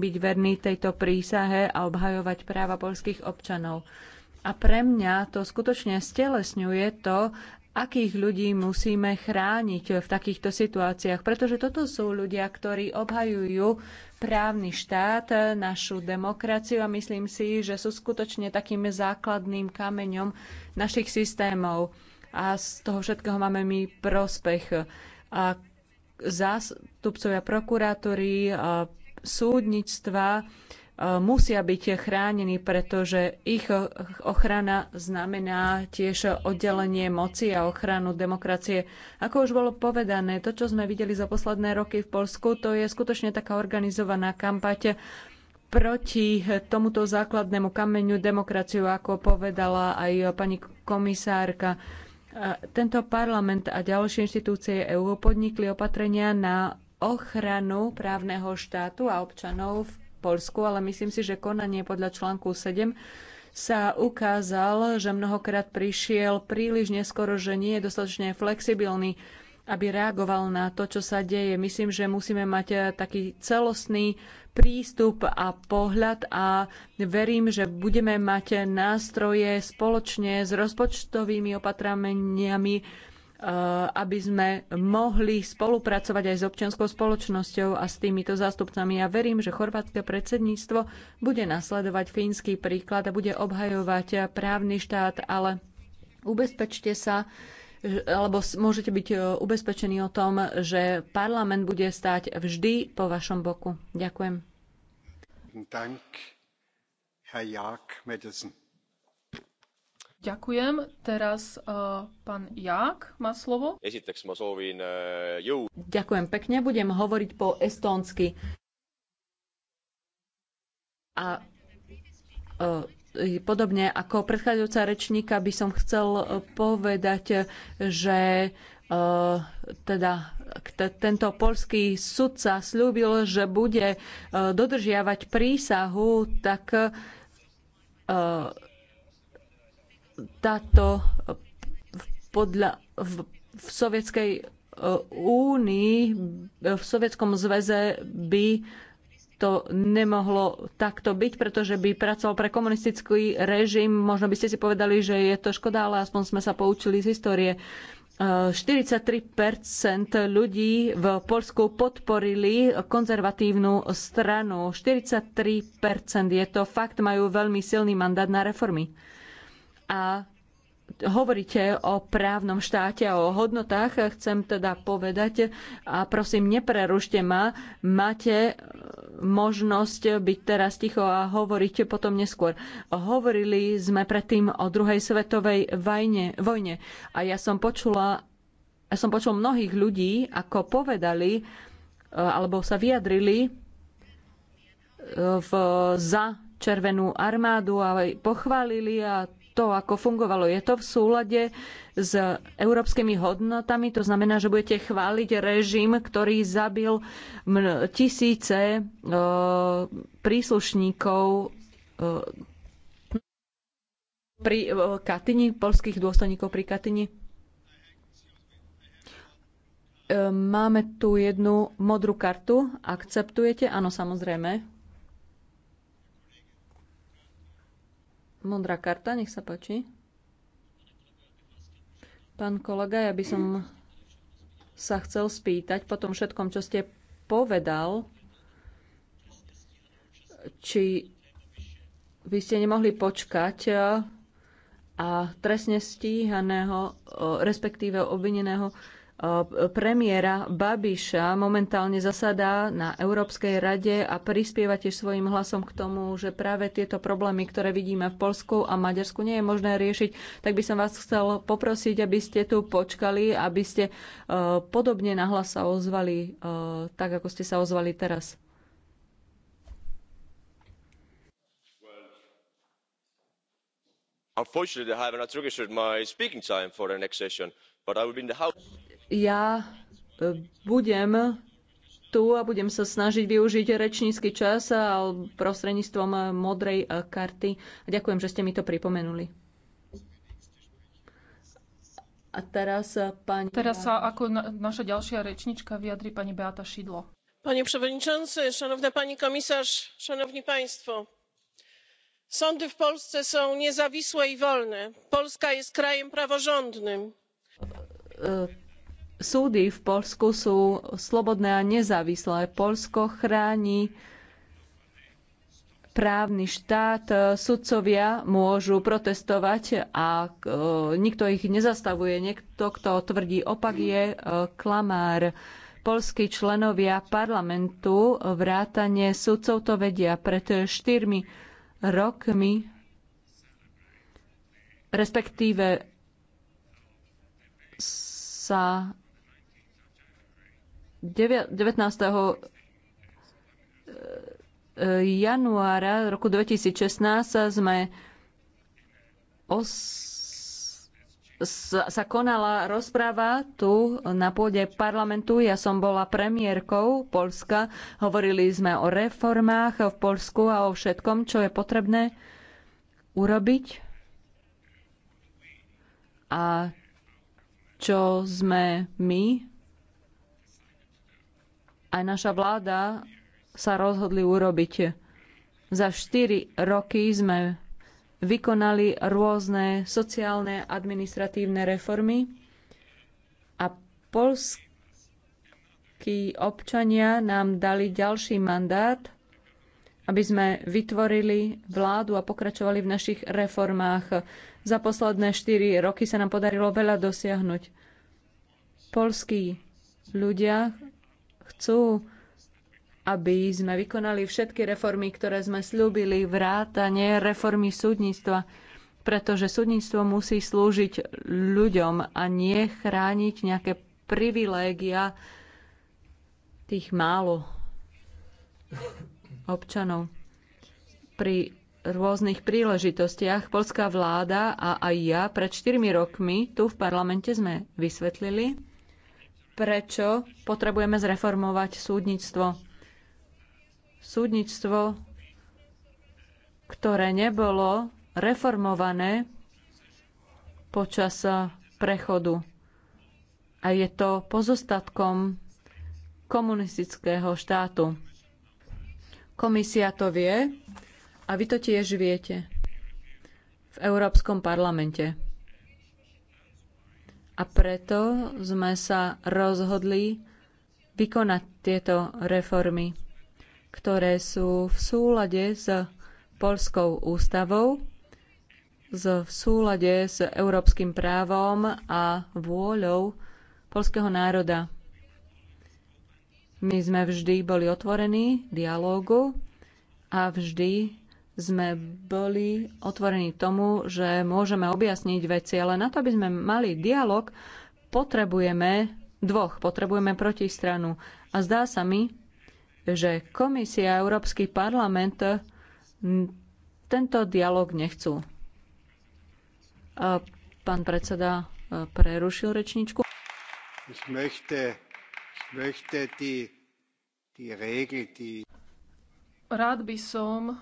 byť verný tejto prísahe a obhajovať práva polských občanov. A pre mňa to skutočne stelesňuje to, akých ľudí musíme chrániť v takýchto situáciách, pretože toto sú ľudia, ktorí obhajujú právny štát, našu demokraciu a myslím si, že sú skutočne takým základným kameňom našich systémov a z toho všetkého máme my prospech. A zástupcovia prokuratúry, súdnictva e, musia byť chránení, pretože ich ochrana znamená tiež oddelenie moci a ochranu demokracie. Ako už bolo povedané, to, čo sme videli za posledné roky v Polsku, to je skutočne taká organizovaná kampať proti tomuto základnému kameňu demokraciu, ako povedala aj pani komisárka. E, tento parlament a ďalšie inštitúcie EÚ podnikli opatrenia na ochranu právneho štátu a občanov v Polsku, ale myslím si, že konanie podľa článku 7 sa ukázal, že mnohokrát prišiel príliš neskoro, že nie je dostatočne flexibilný, aby reagoval na to, čo sa deje. Myslím, že musíme mať eh, taký celostný prístup a pohľad a verím, že budeme mať nástroje spoločne s rozpočtovými opatrameniami. Eh, aby sme mohli spolupracovať aj s občianskou spoločnosťou a s týmito zástupcami. Ja verím, že chorvátske predsedníctvo bude nasledovať fínsky príklad a bude obhajovať právny štát, ale ubezpečte sa, alebo môžete byť eh, ubezpečení o tom, že parlament bude stáť vždy po vašom boku. Ďakujem. Dank, Herr Ďakujem. Teraz uh, pán Jak má slovo. Eh, Ďakujem pekne. Budem hovoriť po estónsky. A uh, podobne ako predchádzajúca rečníka by som chcel povedať, že uh, teda tento polský sudca slúbil, že bude dodržiavať prísahu, tak táto eh, podľa v, v sovietskej eh, únii, eh, v sovietskom zväze by to nemohlo takto byť, pretože by pracoval pre komunistický režim. Možno by ste si povedali, že je to škoda, ale aspoň sme sa poučili z histórie. 43 ľudí v Polsku podporili konzervatívnu stranu. 43 je to fakt, majú veľmi silný mandát na reformy a hovoríte o právnom štáte a o hodnotách, chcem teda povedať a prosím, neprerušte ma, máte e, možnosť byť teraz ticho a hovoriť potom neskôr. Hovorili sme predtým o druhej svetovej vajne, vojne a ja som počula ja som počul mnohých ľudí, ako povedali e, alebo sa vyjadrili e, v, za Červenú armádu a pochválili a to, ako fungovalo. Je to v súlade s európskymi hodnotami? To znamená, že budete chváliť režim, ktorý zabil tisíce e, príslušníkov e, pri e, Katyni, polských dôstojníkov pri Katyni? Máme tu jednu modrú kartu. Akceptujete? Áno, samozrejme. Modrá karta, nech sa páči. Pán kolega, ja by som sa chcel spýtať po tom všetkom, čo ste povedal, či vy ste nemohli počkať e, a trestne stíhaného, e, respektíve obvineného Eh, premiéra Babiša momentálne zasadá na Európskej rade a prispieva tiež svojim hlasom k tomu, že práve tieto problémy, ktoré vidíme v Polsku a Maďarsku, nie je možné riešiť, tak by som vás chcel poprosiť, aby ste tu počkali, aby ste podobne eh, podobne nahlas sa ozvali, eh, tak ako ste sa ozvali teraz. unfortunately, I not registered my speaking time for the next session, but I will be in the house. Ja e, budem tu a budem sa snažiť využiť rečnícky čas a prostredníctvom modrej karty. Ďakujem, že ste mi to pripomenuli. A teraz e, pani... Teraz sa ako na, naša ďalšia rečnička vyjadri pani Beata Šidlo. Panie przewodniczący, szanowna pani komisarz, szanowni państwo. Sądy w Polsce są niezawisłe i wolne. Polska jest krajem praworządnym. Uh, uh súdy v Polsku sú slobodné a nezávislé. Polsko chráni právny štát, sudcovia môžu protestovať a e, nikto ich nezastavuje. Niekto, kto tvrdí opak, je e, klamár. Polskí členovia parlamentu vrátane sudcov to vedia. Pred štyrmi rokmi, respektíve sa 19. E, januára roku 2016 sme os... sa konala rozpráva tu na pôde parlamentu. Ja som bola premiérkou Polska. Hovorili sme o reformách v Polsku a o všetkom, čo je potrebné urobiť a čo sme my aj naša vláda sa rozhodli urobiť. Za 4 roky sme vykonali rôzne sociálne administratívne reformy a polskí občania nám dali ďalší mandát, aby sme vytvorili vládu a pokračovali v našich reformách. Za posledné 4 roky sa nám podarilo veľa dosiahnuť. Polskí ľudia Chcú, aby sme vykonali všetky reformy, ktoré sme slúbili, vrátane reformy súdnictva, pretože súdnictvo musí slúžiť ľuďom a nie chrániť nejaké privilégia tých málo občanov. Pri rôznych príležitostiach polská vláda a aj ja pred 4 rokmi tu v parlamente sme vysvetlili, prečo potrebujeme zreformovať súdnictvo. Súdnictvo, ktoré nebolo reformované počas prechodu. A je to pozostatkom komunistického štátu. Komisia to vie a vy to tiež viete v Európskom parlamente. A preto sme sa rozhodli vykonať tieto reformy, ktoré sú v súlade s Polskou ústavou, v súlade s európskym právom a vôľou polského národa. My sme vždy boli otvorení dialógu a vždy sme boli otvorení tomu, že môžeme objasniť veci, ale na to, aby sme mali dialog, potrebujeme dvoch, potrebujeme protistranu. A zdá sa mi, že komisia a Európsky parlament tento dialog nechcú. A pán predseda e, prerušil rečničku. Ich möchte, ich möchte die, die Regel, die... Rád by som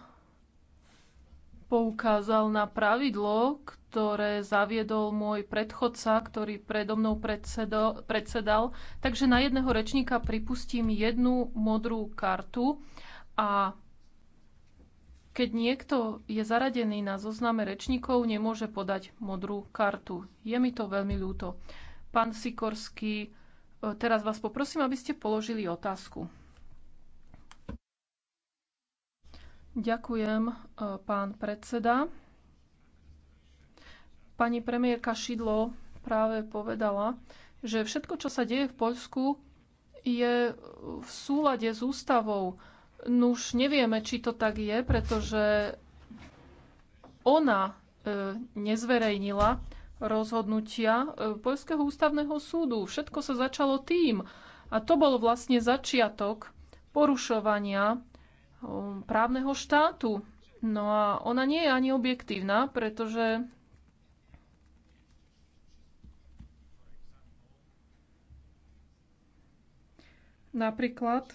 poukázal na pravidlo, ktoré zaviedol môj predchodca, ktorý predo mnou predsedo, predsedal. Takže na jedného rečníka pripustím jednu modrú kartu a keď niekto je zaradený na zozname rečníkov, nemôže podať modrú kartu. Je mi to veľmi ľúto. Pán Sikorský, e, teraz vás poprosím, aby ste položili otázku. Ďakujem, e, pán predseda. Pani premiérka Šidlo práve povedala, že všetko, čo sa deje v Poľsku, je v súlade s ústavou. Nuž nevieme, či to tak je, pretože ona e, nezverejnila rozhodnutia e, Poľského ústavného súdu. Všetko sa začalo tým. A to bol vlastne začiatok porušovania Um, právneho štátu. No a ona nie je ani objektívna, pretože napríklad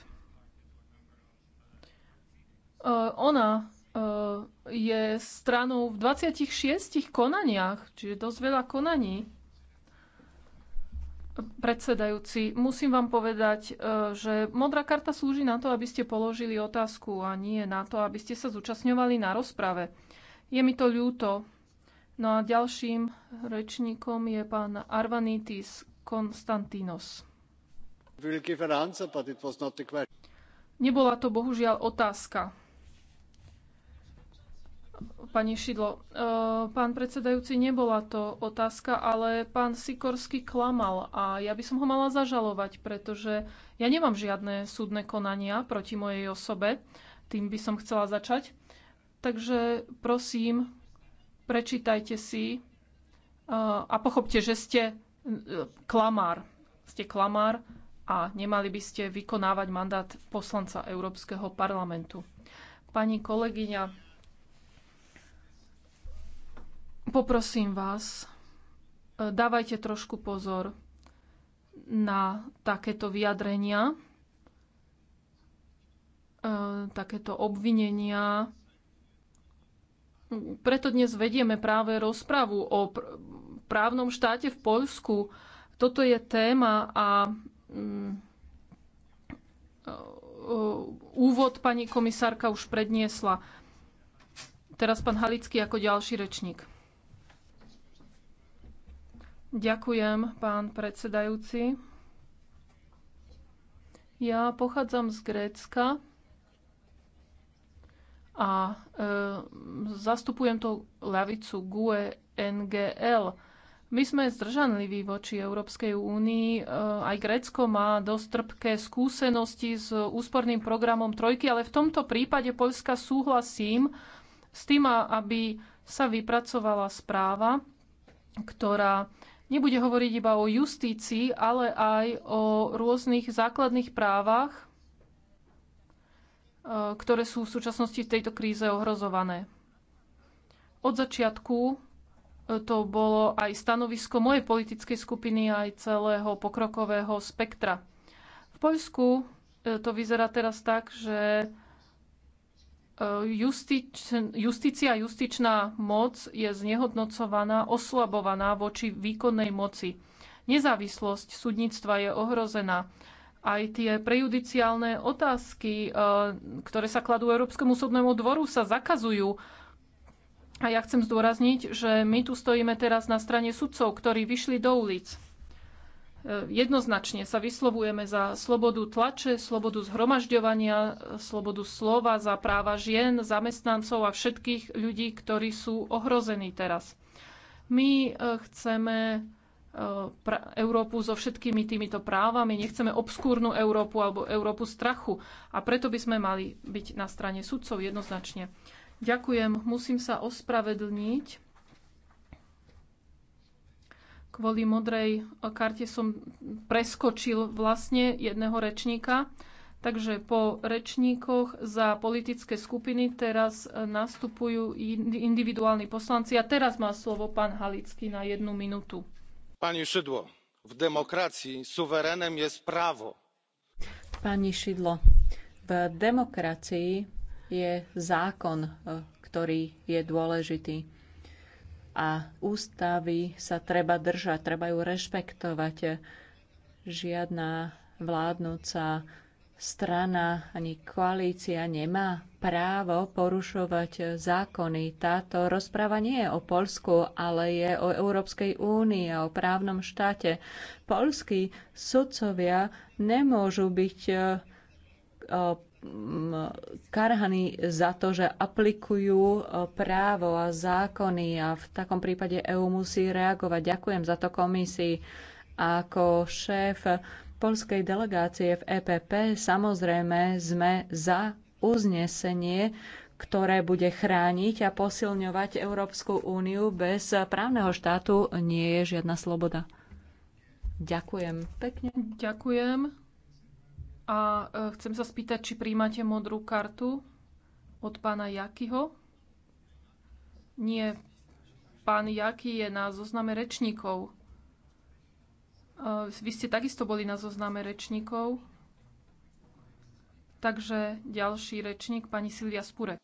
e, ona e, je stranou v 26 konaniach, čiže dosť veľa konaní predsedajúci, musím vám povedať, e, že modrá karta slúži na to, aby ste položili otázku a nie na to, aby ste sa zúčastňovali na rozprave. Je mi to ľúto. No a ďalším rečníkom je pán Arvanitis Konstantinos. Nebola to bohužiaľ otázka. Pani Šidlo, e, pán predsedajúci, nebola to otázka, ale pán Sikorsky klamal a ja by som ho mala zažalovať, pretože ja nemám žiadne súdne konania proti mojej osobe. Tým by som chcela začať. Takže prosím, prečítajte si e, a pochopte, že ste e, klamár. Ste klamár a nemali by ste vykonávať mandát poslanca Európskeho parlamentu. Pani kolegyňa, Poprosím vás, e, dávajte trošku pozor na takéto vyjadrenia, e, takéto obvinenia. Preto dnes vedieme práve rozpravu o právnom štáte v Poľsku. Toto je téma a mm, e, úvod pani komisárka už predniesla. Teraz pán Halický ako ďalší rečník. Ďakujem, pán predsedajúci. Ja pochádzam z Grécka a e, zastupujem tú lavicu GUE NGL. My sme zdržanliví voči Európskej únii. E, aj Grécko má dosť trpké skúsenosti s úsporným programom Trojky, ale v tomto prípade Poľska súhlasím s tým, aby sa vypracovala správa, ktorá nebude hovoriť iba o justícii, ale aj o rôznych základných právach, e, ktoré sú v súčasnosti v tejto kríze ohrozované. Od začiatku e, to bolo aj stanovisko mojej politickej skupiny aj celého pokrokového spektra. V Poľsku e, to vyzerá teraz tak, že Justič, justícia, justičná moc je znehodnocovaná, oslabovaná voči výkonnej moci. Nezávislosť súdnictva je ohrozená. Aj tie prejudiciálne otázky, e, ktoré sa kladú Európskemu súdnemu dvoru, sa zakazujú. A ja chcem zdôrazniť, že my tu stojíme teraz na strane sudcov, ktorí vyšli do ulic. E, jednoznačne sa vyslovujeme za slobodu tlače, slobodu zhromažďovania, e, slobodu slova, za práva žien, zamestnancov a všetkých ľudí, ktorí sú ohrození teraz. My e, chceme Európu so všetkými týmito právami, nechceme obskúrnu Európu alebo Európu strachu a preto by sme mali byť na strane sudcov jednoznačne. Ďakujem, musím sa ospravedlniť Kvôli modrej eh, karte som preskočil vlastne jedného rečníka. Takže po rečníkoch za politické skupiny teraz eh, nastupujú individuálni poslanci. A teraz má slovo pán Halický na jednu minútu. Pani Šidlo v demokracii suverénem je právo. Pani Šidlo, v demokracii je zákon, eh, ktorý je dôležitý a ústavy sa treba držať, treba ju rešpektovať. Žiadna vládnúca strana ani koalícia nemá právo porušovať zákony. Táto rozpráva nie je o Polsku, ale je o Európskej únii a o právnom štáte. Polskí sudcovia nemôžu byť eh, karhaní za to, že aplikujú e, právo a zákony a v takom prípade EÚ musí reagovať. Ďakujem za to komisii. Ako šéf polskej delegácie v EPP samozrejme sme za uznesenie, ktoré bude chrániť a posilňovať Európsku úniu. Bez právneho štátu nie je žiadna sloboda. Ďakujem pekne. Ďakujem. A e, chcem sa spýtať, či príjmate modrú kartu od pána Jakyho? Nie. Pán Jaky je na zozname rečníkov. E, vy ste takisto boli na zozname rečníkov. Takže ďalší rečník, pani Silvia Spurek.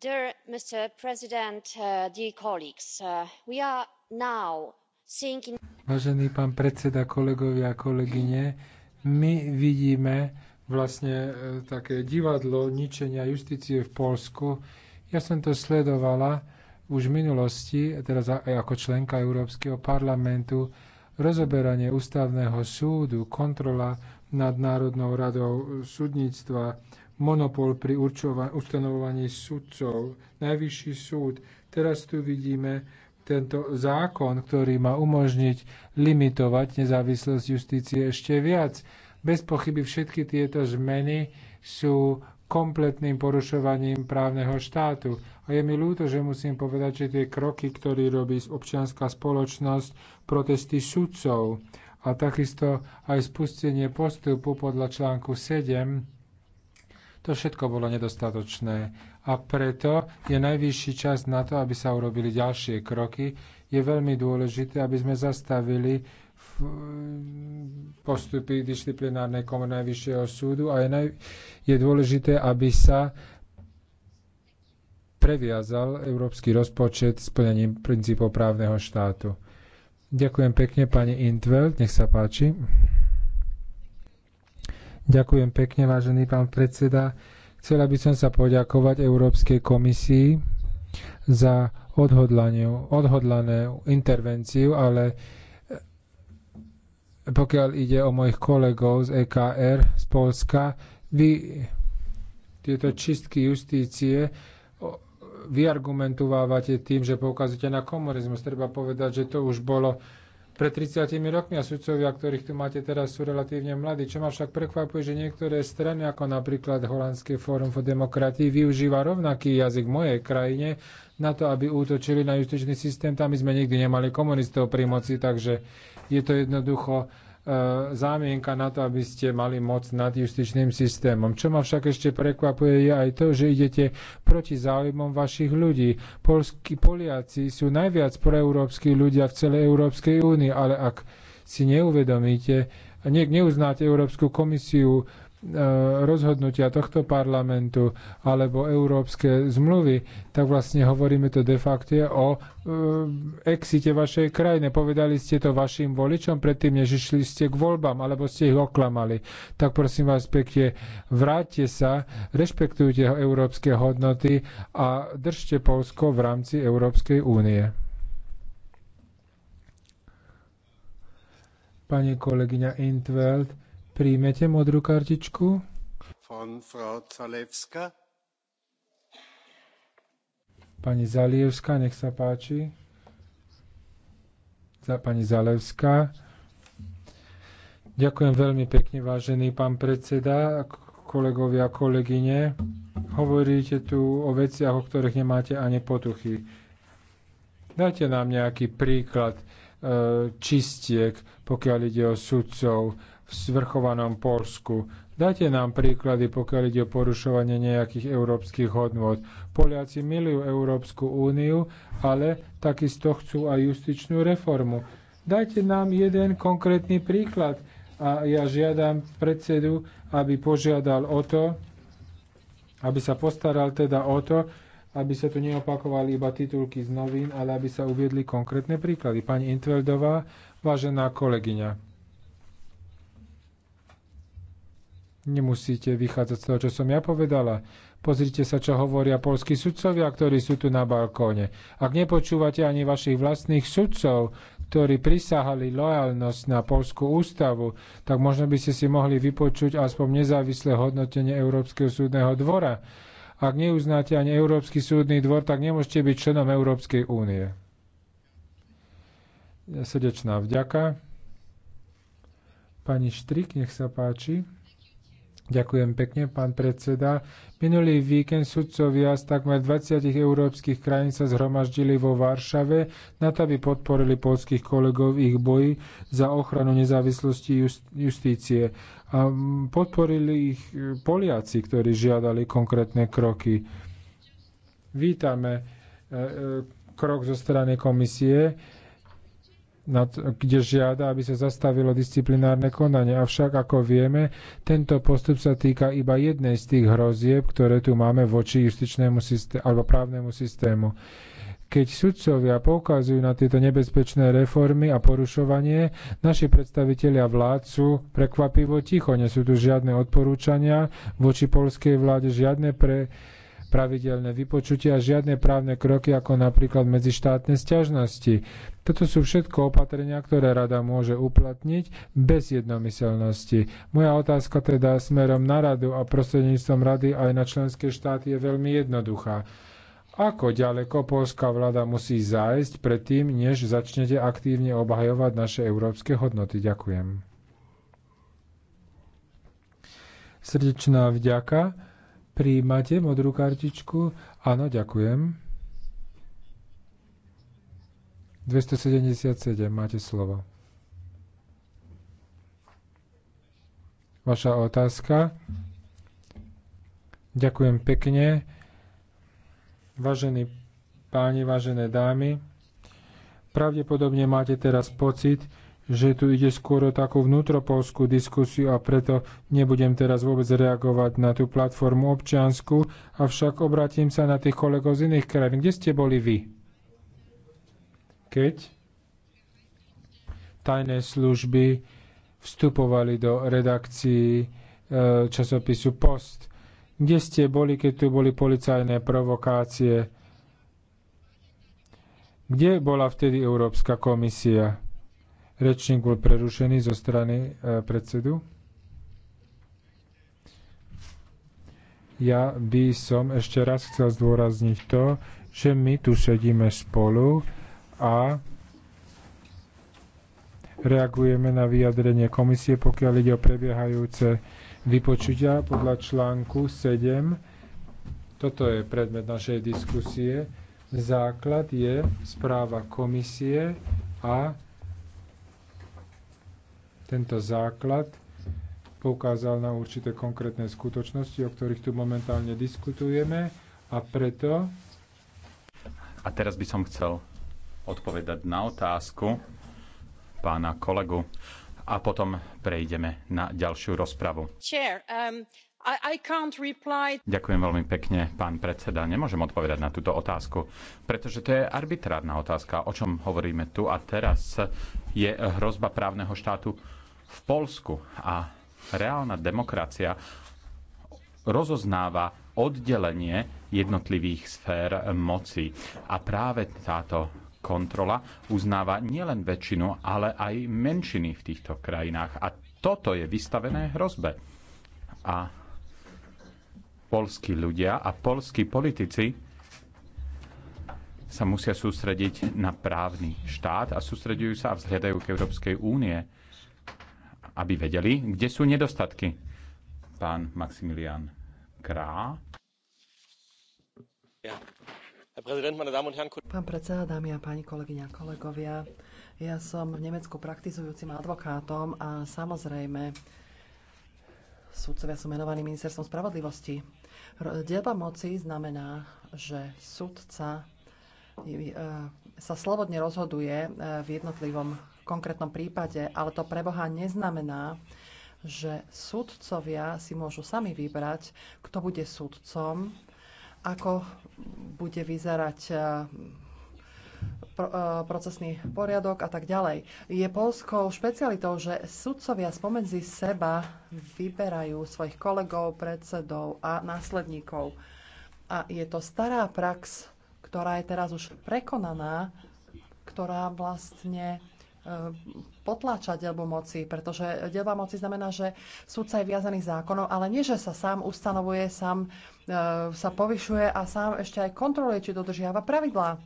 Dear Mr. President, uh, dear colleagues, uh, we are now seeing Vážený pán predseda, kolegovia a kolegyne, my vidíme vlastne e, také divadlo ničenia justície v Polsku. Ja som to sledovala už v minulosti, teraz aj ako členka Európskeho parlamentu, rozoberanie ústavného súdu, kontrola nad Národnou radou súdnictva, monopol pri ustanovovaní sudcov, najvyšší súd. Teraz tu vidíme tento zákon, ktorý má umožniť limitovať nezávislosť justície ešte viac. Bez pochyby všetky tieto zmeny sú kompletným porušovaním právneho štátu. A je mi ľúto, že musím povedať, že tie kroky, ktoré robí občianská spoločnosť, protesty sudcov a takisto aj spustenie postupu podľa článku 7, to všetko bolo nedostatočné a preto je najvyšší čas na to, aby sa urobili ďalšie kroky. Je veľmi dôležité, aby sme zastavili postupy disciplinárnej komory Najvyššieho súdu a je, naj, je dôležité, aby sa previazal európsky rozpočet s plnením princípov právneho štátu. Ďakujem pekne pani Intveld, nech sa páči. Ďakujem pekne, vážený pán predseda. Chcela by som sa poďakovať Európskej komisii za odhodlanú intervenciu, ale pokiaľ ide o mojich kolegov z EKR z Polska, vy tieto čistky justície vyargumentovávate tým, že poukazujete na komunizmus. Treba povedať, že to už bolo pred 30 rokmi a sudcovia, ktorých tu máte teraz, sú relatívne mladí. Čo ma však prekvapuje, že niektoré strany, ako napríklad Holandské fórum for demokratii, využíva rovnaký jazyk v mojej krajine na to, aby útočili na justičný systém. Tam my sme nikdy nemali komunistov pri moci, takže je to jednoducho E, zámienka na to, aby ste mali moc nad justičným systémom. Čo ma však ešte prekvapuje je aj to, že idete proti záujmom vašich ľudí. Polskí Poliaci sú najviac proeurópsky ľudia v celej Európskej únii, ale ak si neuvedomíte, ak neuznáte Európsku komisiu, E, rozhodnutia tohto parlamentu alebo európske zmluvy, tak vlastne hovoríme to de facto o e, exite vašej krajine. Povedali ste to vašim voličom predtým, než išli ste k voľbám, alebo ste ich oklamali. Tak prosím vás pekne, vráťte sa, rešpektujte európske hodnoty a držte Polsko v rámci Európskej únie. Pani kolegyňa Intveld, Príjmete modrú kartičku? Von Frau Zalewska. Pani Zalievska, nech sa páči. Za pani Zalevská. Ďakujem veľmi pekne, vážený pán predseda, kolegovia a kolegyne. Hovoríte tu o veciach, o ktorých nemáte ani potuchy. Dajte nám nejaký príklad e, čistiek, pokiaľ ide o sudcov v svrchovanom Polsku. Dajte nám príklady, pokiaľ ide o porušovanie nejakých európskych hodnôt. Poliaci milujú Európsku úniu, ale takisto chcú aj justičnú reformu. Dajte nám jeden konkrétny príklad a ja žiadam predsedu, aby požiadal o to, aby sa postaral teda o to, aby sa tu neopakovali iba titulky z novín, ale aby sa uviedli konkrétne príklady. Pani Intveldová, vážená kolegyňa. Nemusíte vychádzať z toho, čo som ja povedala. Pozrite sa, čo hovoria polskí sudcovia, ktorí sú tu na balkóne. Ak nepočúvate ani vašich vlastných sudcov, ktorí prisahali lojalnosť na Polskú ústavu, tak možno by ste si mohli vypočuť aspoň nezávislé hodnotenie Európskeho súdneho dvora. Ak neuznáte ani Európsky súdny dvor, tak nemôžete byť členom Európskej únie. Srdečná vďaka. Pani Štrik, nech sa páči. Ďakujem pekne, pán predseda. Minulý víkend sudcovia z takmer 20 európskych krajín sa zhromaždili vo Varšave na to, aby podporili polských kolegov v ich boji za ochranu nezávislosti justície. A podporili ich Poliaci, ktorí žiadali konkrétne kroky. Vítame e, e, krok zo strany komisie, nad, kde žiada, aby sa zastavilo disciplinárne konanie. Avšak, ako vieme, tento postup sa týka iba jednej z tých hrozieb, ktoré tu máme voči justičnému systému alebo právnemu systému. Keď sudcovia poukazujú na tieto nebezpečné reformy a porušovanie, naši predstavitelia vlád sú prekvapivo ticho. Nie sú tu žiadne odporúčania voči polskej vláde, žiadne pre, pravidelné vypočutia a žiadne právne kroky ako napríklad medzištátne stiažnosti. Toto sú všetko opatrenia, ktoré rada môže uplatniť bez jednomyselnosti. Moja otázka teda smerom na radu a prostredníctvom rady aj na členské štáty je veľmi jednoduchá. Ako ďaleko polská vláda musí zájsť predtým, než začnete aktívne obhajovať naše európske hodnoty? Ďakujem. Srdečná vďaka. Príjmate modrú kartičku? Áno, ďakujem. 277, máte slovo. Vaša otázka. Ďakujem pekne. Vážení páni, vážené dámy, pravdepodobne máte teraz pocit, že tu ide skôr o takú vnútropolskú diskusiu a preto nebudem teraz vôbec reagovať na tú platformu občiansku, avšak obratím sa na tých kolegov z iných krajín. Kde ste boli vy? Keď tajné služby vstupovali do redakcií e, časopisu Post. Kde ste boli, keď tu boli policajné provokácie? Kde bola vtedy Európska komisia? Rečník bol prerušený zo strany e, predsedu. Ja by som ešte raz chcel zdôrazniť to, že my tu sedíme spolu a reagujeme na vyjadrenie komisie, pokiaľ ide o prebiehajúce vypočutia podľa článku 7. Toto je predmet našej diskusie. Základ je správa komisie a tento základ poukázal na určité konkrétne skutočnosti, o ktorých tu momentálne diskutujeme a preto... A teraz by som chcel odpovedať na otázku pána kolegu a potom prejdeme na ďalšiu rozpravu. Chair, um, I, reply... Ďakujem veľmi pekne, pán predseda. Nemôžem odpovedať na túto otázku, pretože to je arbitrárna otázka. O čom hovoríme tu a teraz je hrozba právneho štátu v Polsku a reálna demokracia rozoznáva oddelenie jednotlivých sfér moci. A práve táto kontrola uznáva nielen väčšinu, ale aj menšiny v týchto krajinách. A toto je vystavené hrozbe. A polskí ľudia a polskí politici sa musia sústrediť na právny štát a sústredujú sa a vzhľadajú k Európskej únie aby vedeli, kde sú nedostatky. Pán Maximilian Krá. Ja. Pán predseda, dámy a páni kolegyňa a kolegovia, ja som v Nemecku praktizujúcim advokátom a samozrejme sudcovia sú menovaní ministerstvom spravodlivosti. Dielba moci znamená, že sudca e, e, sa slobodne rozhoduje e, v jednotlivom konkrétnom prípade, ale to pre Boha neznamená, že sudcovia si môžu sami vybrať, kto bude sudcom, ako bude vyzerať eh, eh, procesný poriadok a tak ďalej. Je polskou špecialitou, že sudcovia spomedzi seba vyberajú svojich kolegov, predsedov a následníkov. A je to stará prax, ktorá je teraz už prekonaná, ktorá vlastne E, potláčať delbu moci, pretože delba moci znamená, že súdca je viazaný zákonom, ale nie, že sa sám ustanovuje, sám e, sa povyšuje a sám ešte aj kontroluje, či dodržiava pravidlá.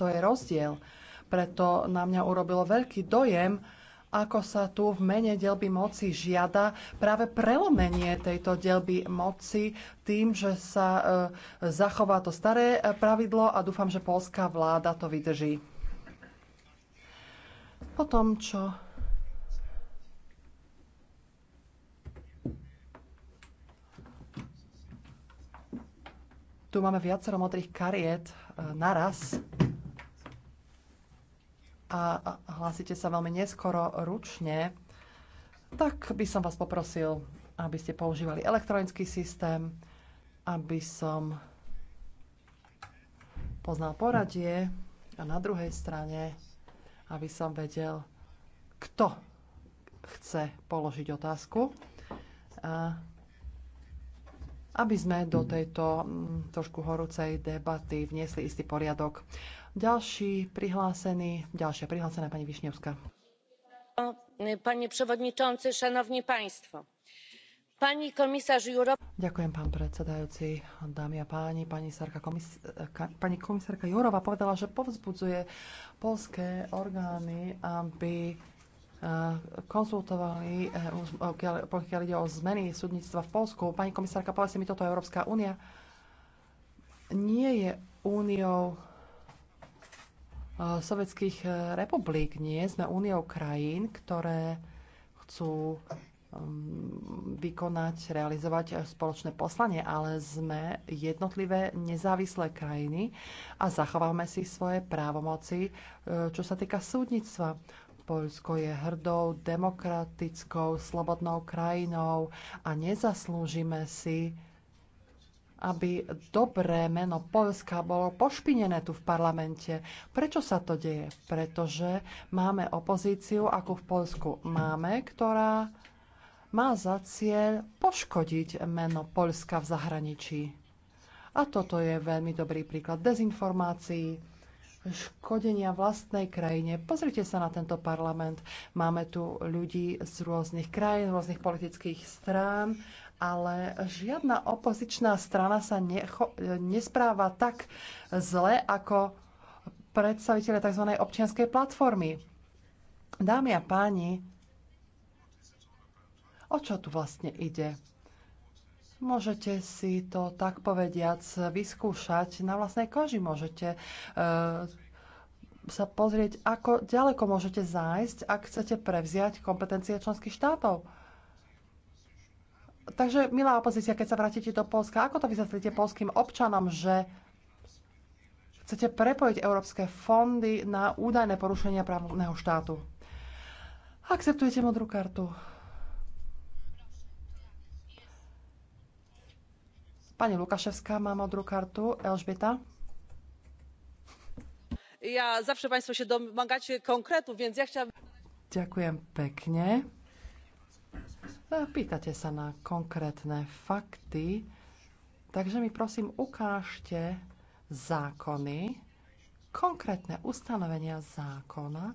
To je rozdiel. Preto na mňa urobilo veľký dojem, ako sa tu v mene delby moci žiada práve prelomenie tejto delby moci tým, že sa e, zachová to staré pravidlo a dúfam, že polská vláda to vydrží po tom, čo tu máme viacero modrých kariet e, naraz a hlásite sa veľmi neskoro ručne, tak by som vás poprosil, aby ste používali elektronický systém, aby som poznal poradie a na druhej strane aby som vedel, kto chce položiť otázku. A aby sme do tejto mm, trošku horúcej debaty vniesli istý poriadok. Ďalší prihlásený, ďalšia prihlásená pani Višňovská. Panie przewodniczący, szanowni państwo. Pani komisár Jurova. Ďakujem, pán predsedajúci. Dámy a páni, pani, sárka, komis- pani komisárka Jurova povedala, že povzbudzuje polské orgány, aby e, konzultovali, e, pokiaľ ide o zmeny súdnictva v Polsku. Pani komisárka, povedzte mi toto, Európska únia nie je úniou e, sovietských republik. Nie, sme úniou krajín, ktoré chcú Um, vykonať, realizovať spoločné poslanie, ale sme jednotlivé nezávislé krajiny a zachováme si svoje právomoci, uh, čo sa týka súdnictva. Poľsko je hrdou, demokratickou, slobodnou krajinou a nezaslúžime si, aby dobré meno Polska bolo pošpinené tu v parlamente. Prečo sa to deje? Pretože máme opozíciu, ako v Polsku máme, ktorá má za cieľ poškodiť meno Polska v zahraničí. A toto je veľmi dobrý príklad dezinformácií, škodenia vlastnej krajine. Pozrite sa na tento parlament. Máme tu ľudí z rôznych krajín, rôznych politických strán, ale žiadna opozičná strana sa necho- nespráva tak zle ako predstaviteľe tzv. občianskej platformy. Dámy a páni, O čo tu vlastne ide? Môžete si to tak povediac vyskúšať na vlastnej koži. Môžete uh, sa pozrieť, ako ďaleko môžete zájsť, ak chcete prevziať kompetencie členských štátov. Takže, milá opozícia, keď sa vrátite do Polska, ako to vysvetlíte polským občanom, že chcete prepojiť európske fondy na údajné porušenia právneho štátu? Akceptujete modrú kartu? Pani Lukaševská má modrú kartu. Elžbieta? Ja zawsze Państwo się domagacie konkretów, więc ja chciałam... Ďakujem pekne. E, pýtate sa na konkrétne fakty, takže mi prosím ukážte zákony, konkrétne ustanovenia zákona, e,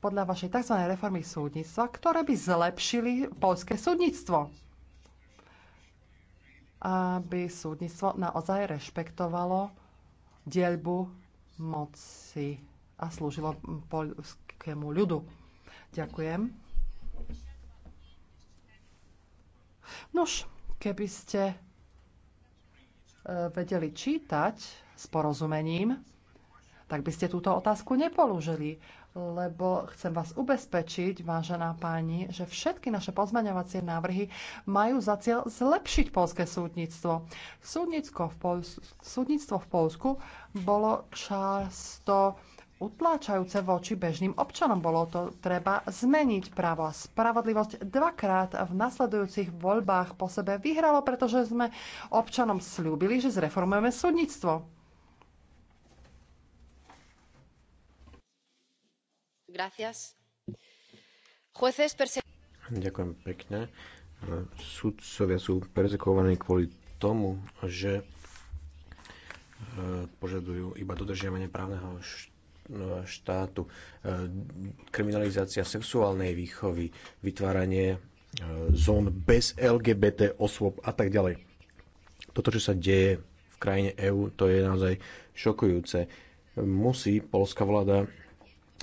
podľa vašej tzv. reformy súdnictva, ktoré by zlepšili polské súdnictvo aby súdnictvo naozaj rešpektovalo dielbu moci a slúžilo poľskému ľudu. Ďakujem. Nož, keby ste e, vedeli čítať s porozumením, tak by ste túto otázku nepolúžili lebo chcem vás ubezpečiť, vážená páni, že všetky naše pozmaňovacie návrhy majú za cieľ zlepšiť polské súdnictvo. v, Pols- súdnictvo v Polsku bolo často utláčajúce voči bežným občanom. Bolo to treba zmeniť právo a spravodlivosť. Dvakrát v nasledujúcich voľbách po sebe vyhralo, pretože sme občanom slúbili, že zreformujeme súdnictvo. Ďakujem pekne. Sudcovia sú perzekovaní kvôli tomu, že e, požadujú iba dodržiavanie právneho štátu, e, kriminalizácia sexuálnej výchovy, vytváranie e, zón bez LGBT osôb a tak ďalej. Toto, čo sa deje v krajine EÚ, to je naozaj šokujúce. Musí polská vláda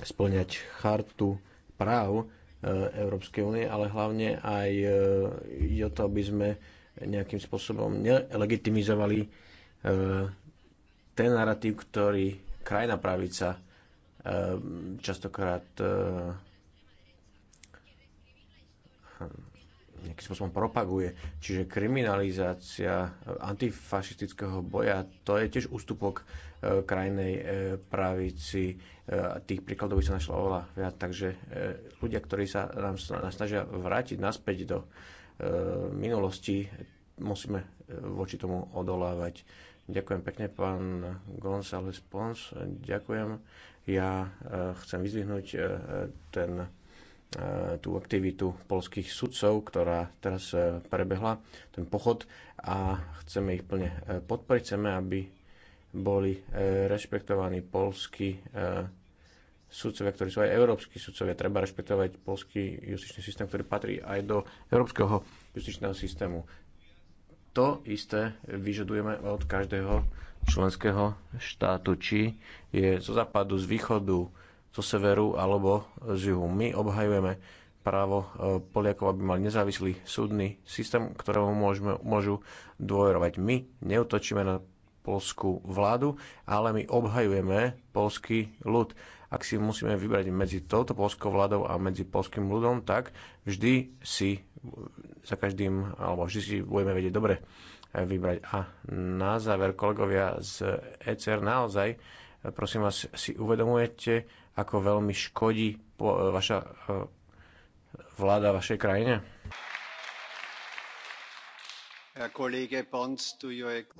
splňať chartu práv e, Európskej únie, ale hlavne aj e, ide o to, aby sme nejakým spôsobom nelegitimizovali e, ten narratív, ktorý krajná pravica častokrát nejakým spôsobom propaguje. Čiže kriminalizácia antifašistického boja, to je tiež ústupok Eh, krajnej eh, pravici. Eh, tých príkladov by sa našlo oveľa viac, takže ľudia, ktorí sa nám snažia vrátiť naspäť do minulosti, musíme voči tomu odolávať. Ďakujem pekne, pán González Pons. Ďakujem. Ja chcem vyzvihnúť ten tú aktivitu polských sudcov, ktorá teraz prebehla, ten pochod a chceme ich plne podporiť. Chceme, aby boli e, rešpektovaní polskí e, sudcovia, ktorí sú aj európsky sudcovia. Treba rešpektovať polský justičný systém, ktorý patrí aj do európskeho justičného systému. To isté vyžadujeme od každého členského štátu, či je zo západu, z východu, zo severu alebo z juhu. My obhajujeme právo e, Poliakov, aby mali nezávislý súdny systém, ktorému môžeme, môžu dôverovať. My neutočíme na polskú vládu, ale my obhajujeme polský ľud. Ak si musíme vybrať medzi touto polskou vládou a medzi polským ľudom, tak vždy si za každým, alebo vždy si budeme vedieť dobre vybrať. A na záver, kolegovia z ECR, naozaj, prosím vás, si uvedomujete, ako veľmi škodí vaša eh, vláda vašej krajine?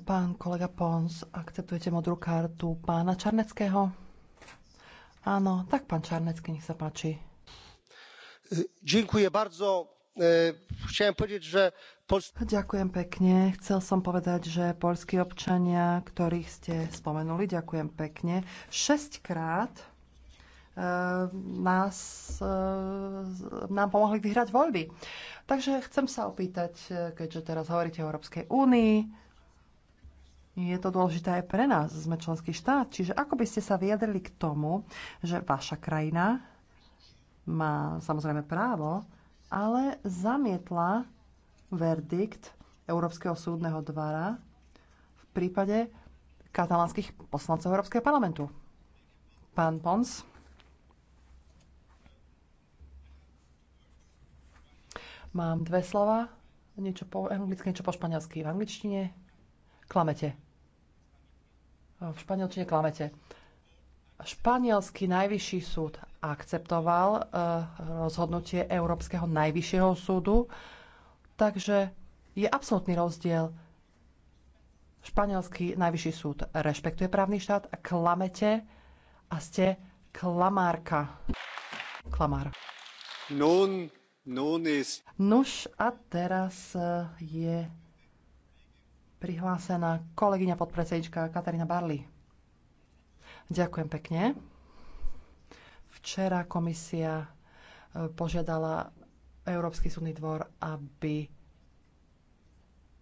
Pán kolega Pons, akceptujete modrú kartu pána Čarneckého? Áno, tak pán Čarnecký, nech sa páči. Ďakujem bardzo. E, chciałem powiedzieć, że Ďakujem pekne. Chcel som povedať, že polskí občania, ktorých ste spomenuli, ďakujem pekne. Šestkrát Ehm, nás, ehm, nám pomohli vyhrať voľby. Takže chcem sa opýtať, e, keďže teraz hovoríte o Európskej únii, je to dôležité aj pre nás, sme členský štát. Čiže ako by ste sa vyjadrili k tomu, že vaša krajina má samozrejme právo, ale zamietla verdikt Európskeho súdneho dvara v prípade katalánskych poslancov Európskeho parlamentu. Pán Pons. Mám dve slova. Niečo po anglicky, niečo po španielsky. V angličtine klamete. V španielčine klamete. Španielský najvyšší súd akceptoval uh, rozhodnutie Európskeho najvyššieho súdu, takže je absolútny rozdiel. Španielský najvyšší súd rešpektuje právny štát, a klamete a ste klamárka. Klamár. Nun Nuž a teraz e, je prihlásená kolegyňa podpredsednička Katarína Barli. Ďakujem pekne. Včera komisia e, požiadala Európsky súdny dvor, aby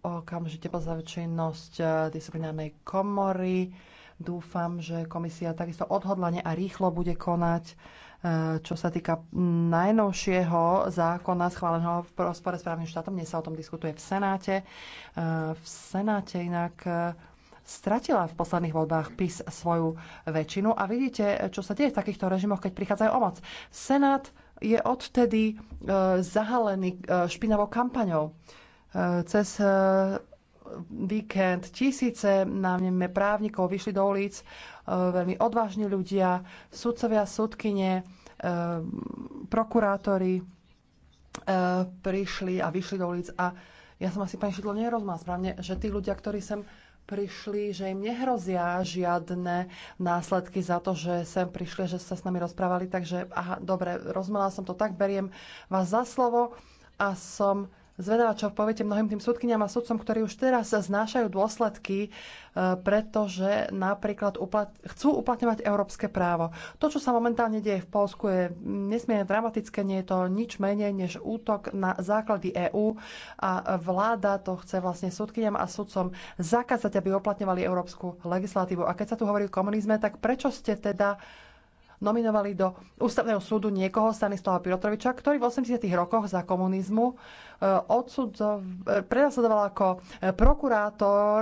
okamžite pozavu činnosť e, disciplinárnej komory. Dúfam, že komisia takisto odhodlane a rýchlo bude konať Eh, čo sa týka mm, najnovšieho zákona schváleného v rozpore s právnym štátom, dnes sa o tom diskutuje v Senáte. Eh, v Senáte inak eh, stratila v posledných voľbách PIS svoju väčšinu a vidíte, čo sa deje v takýchto režimoch, keď prichádzajú o moc. Senát je odtedy zahalený špinavou kampaňou. cez víkend tisíce nám právnikov vyšli do ulic Eh, veľmi odvážni ľudia, sudcovia, sudkine, eh, prokurátori eh, prišli a vyšli do ulic a ja som asi pani Šidlo nerozumela správne, že tí ľudia, ktorí sem prišli, že im nehrozia žiadne následky za to, že sem prišli, že sa s nami rozprávali. Takže, aha, dobre, rozmala som to tak, beriem vás za slovo a som zvedávačov poviete mnohým tým súdkyniam a sudcom, ktorí už teraz znášajú dôsledky, e, pretože napríklad uplat- chcú uplatňovať európske právo. To, čo sa momentálne deje v Polsku, je nesmierne dramatické, nie je to nič menej než útok na základy EÚ a vláda to chce vlastne súdkyniam a sudcom zakázať, aby uplatňovali európsku legislatívu. A keď sa tu hovorí o komunizme, tak prečo ste teda nominovali do ústavného súdu niekoho, Stanislava Pirotroviča, ktorý v 80. rokoch za komunizmu e, e, prenasledoval ako e, prokurátor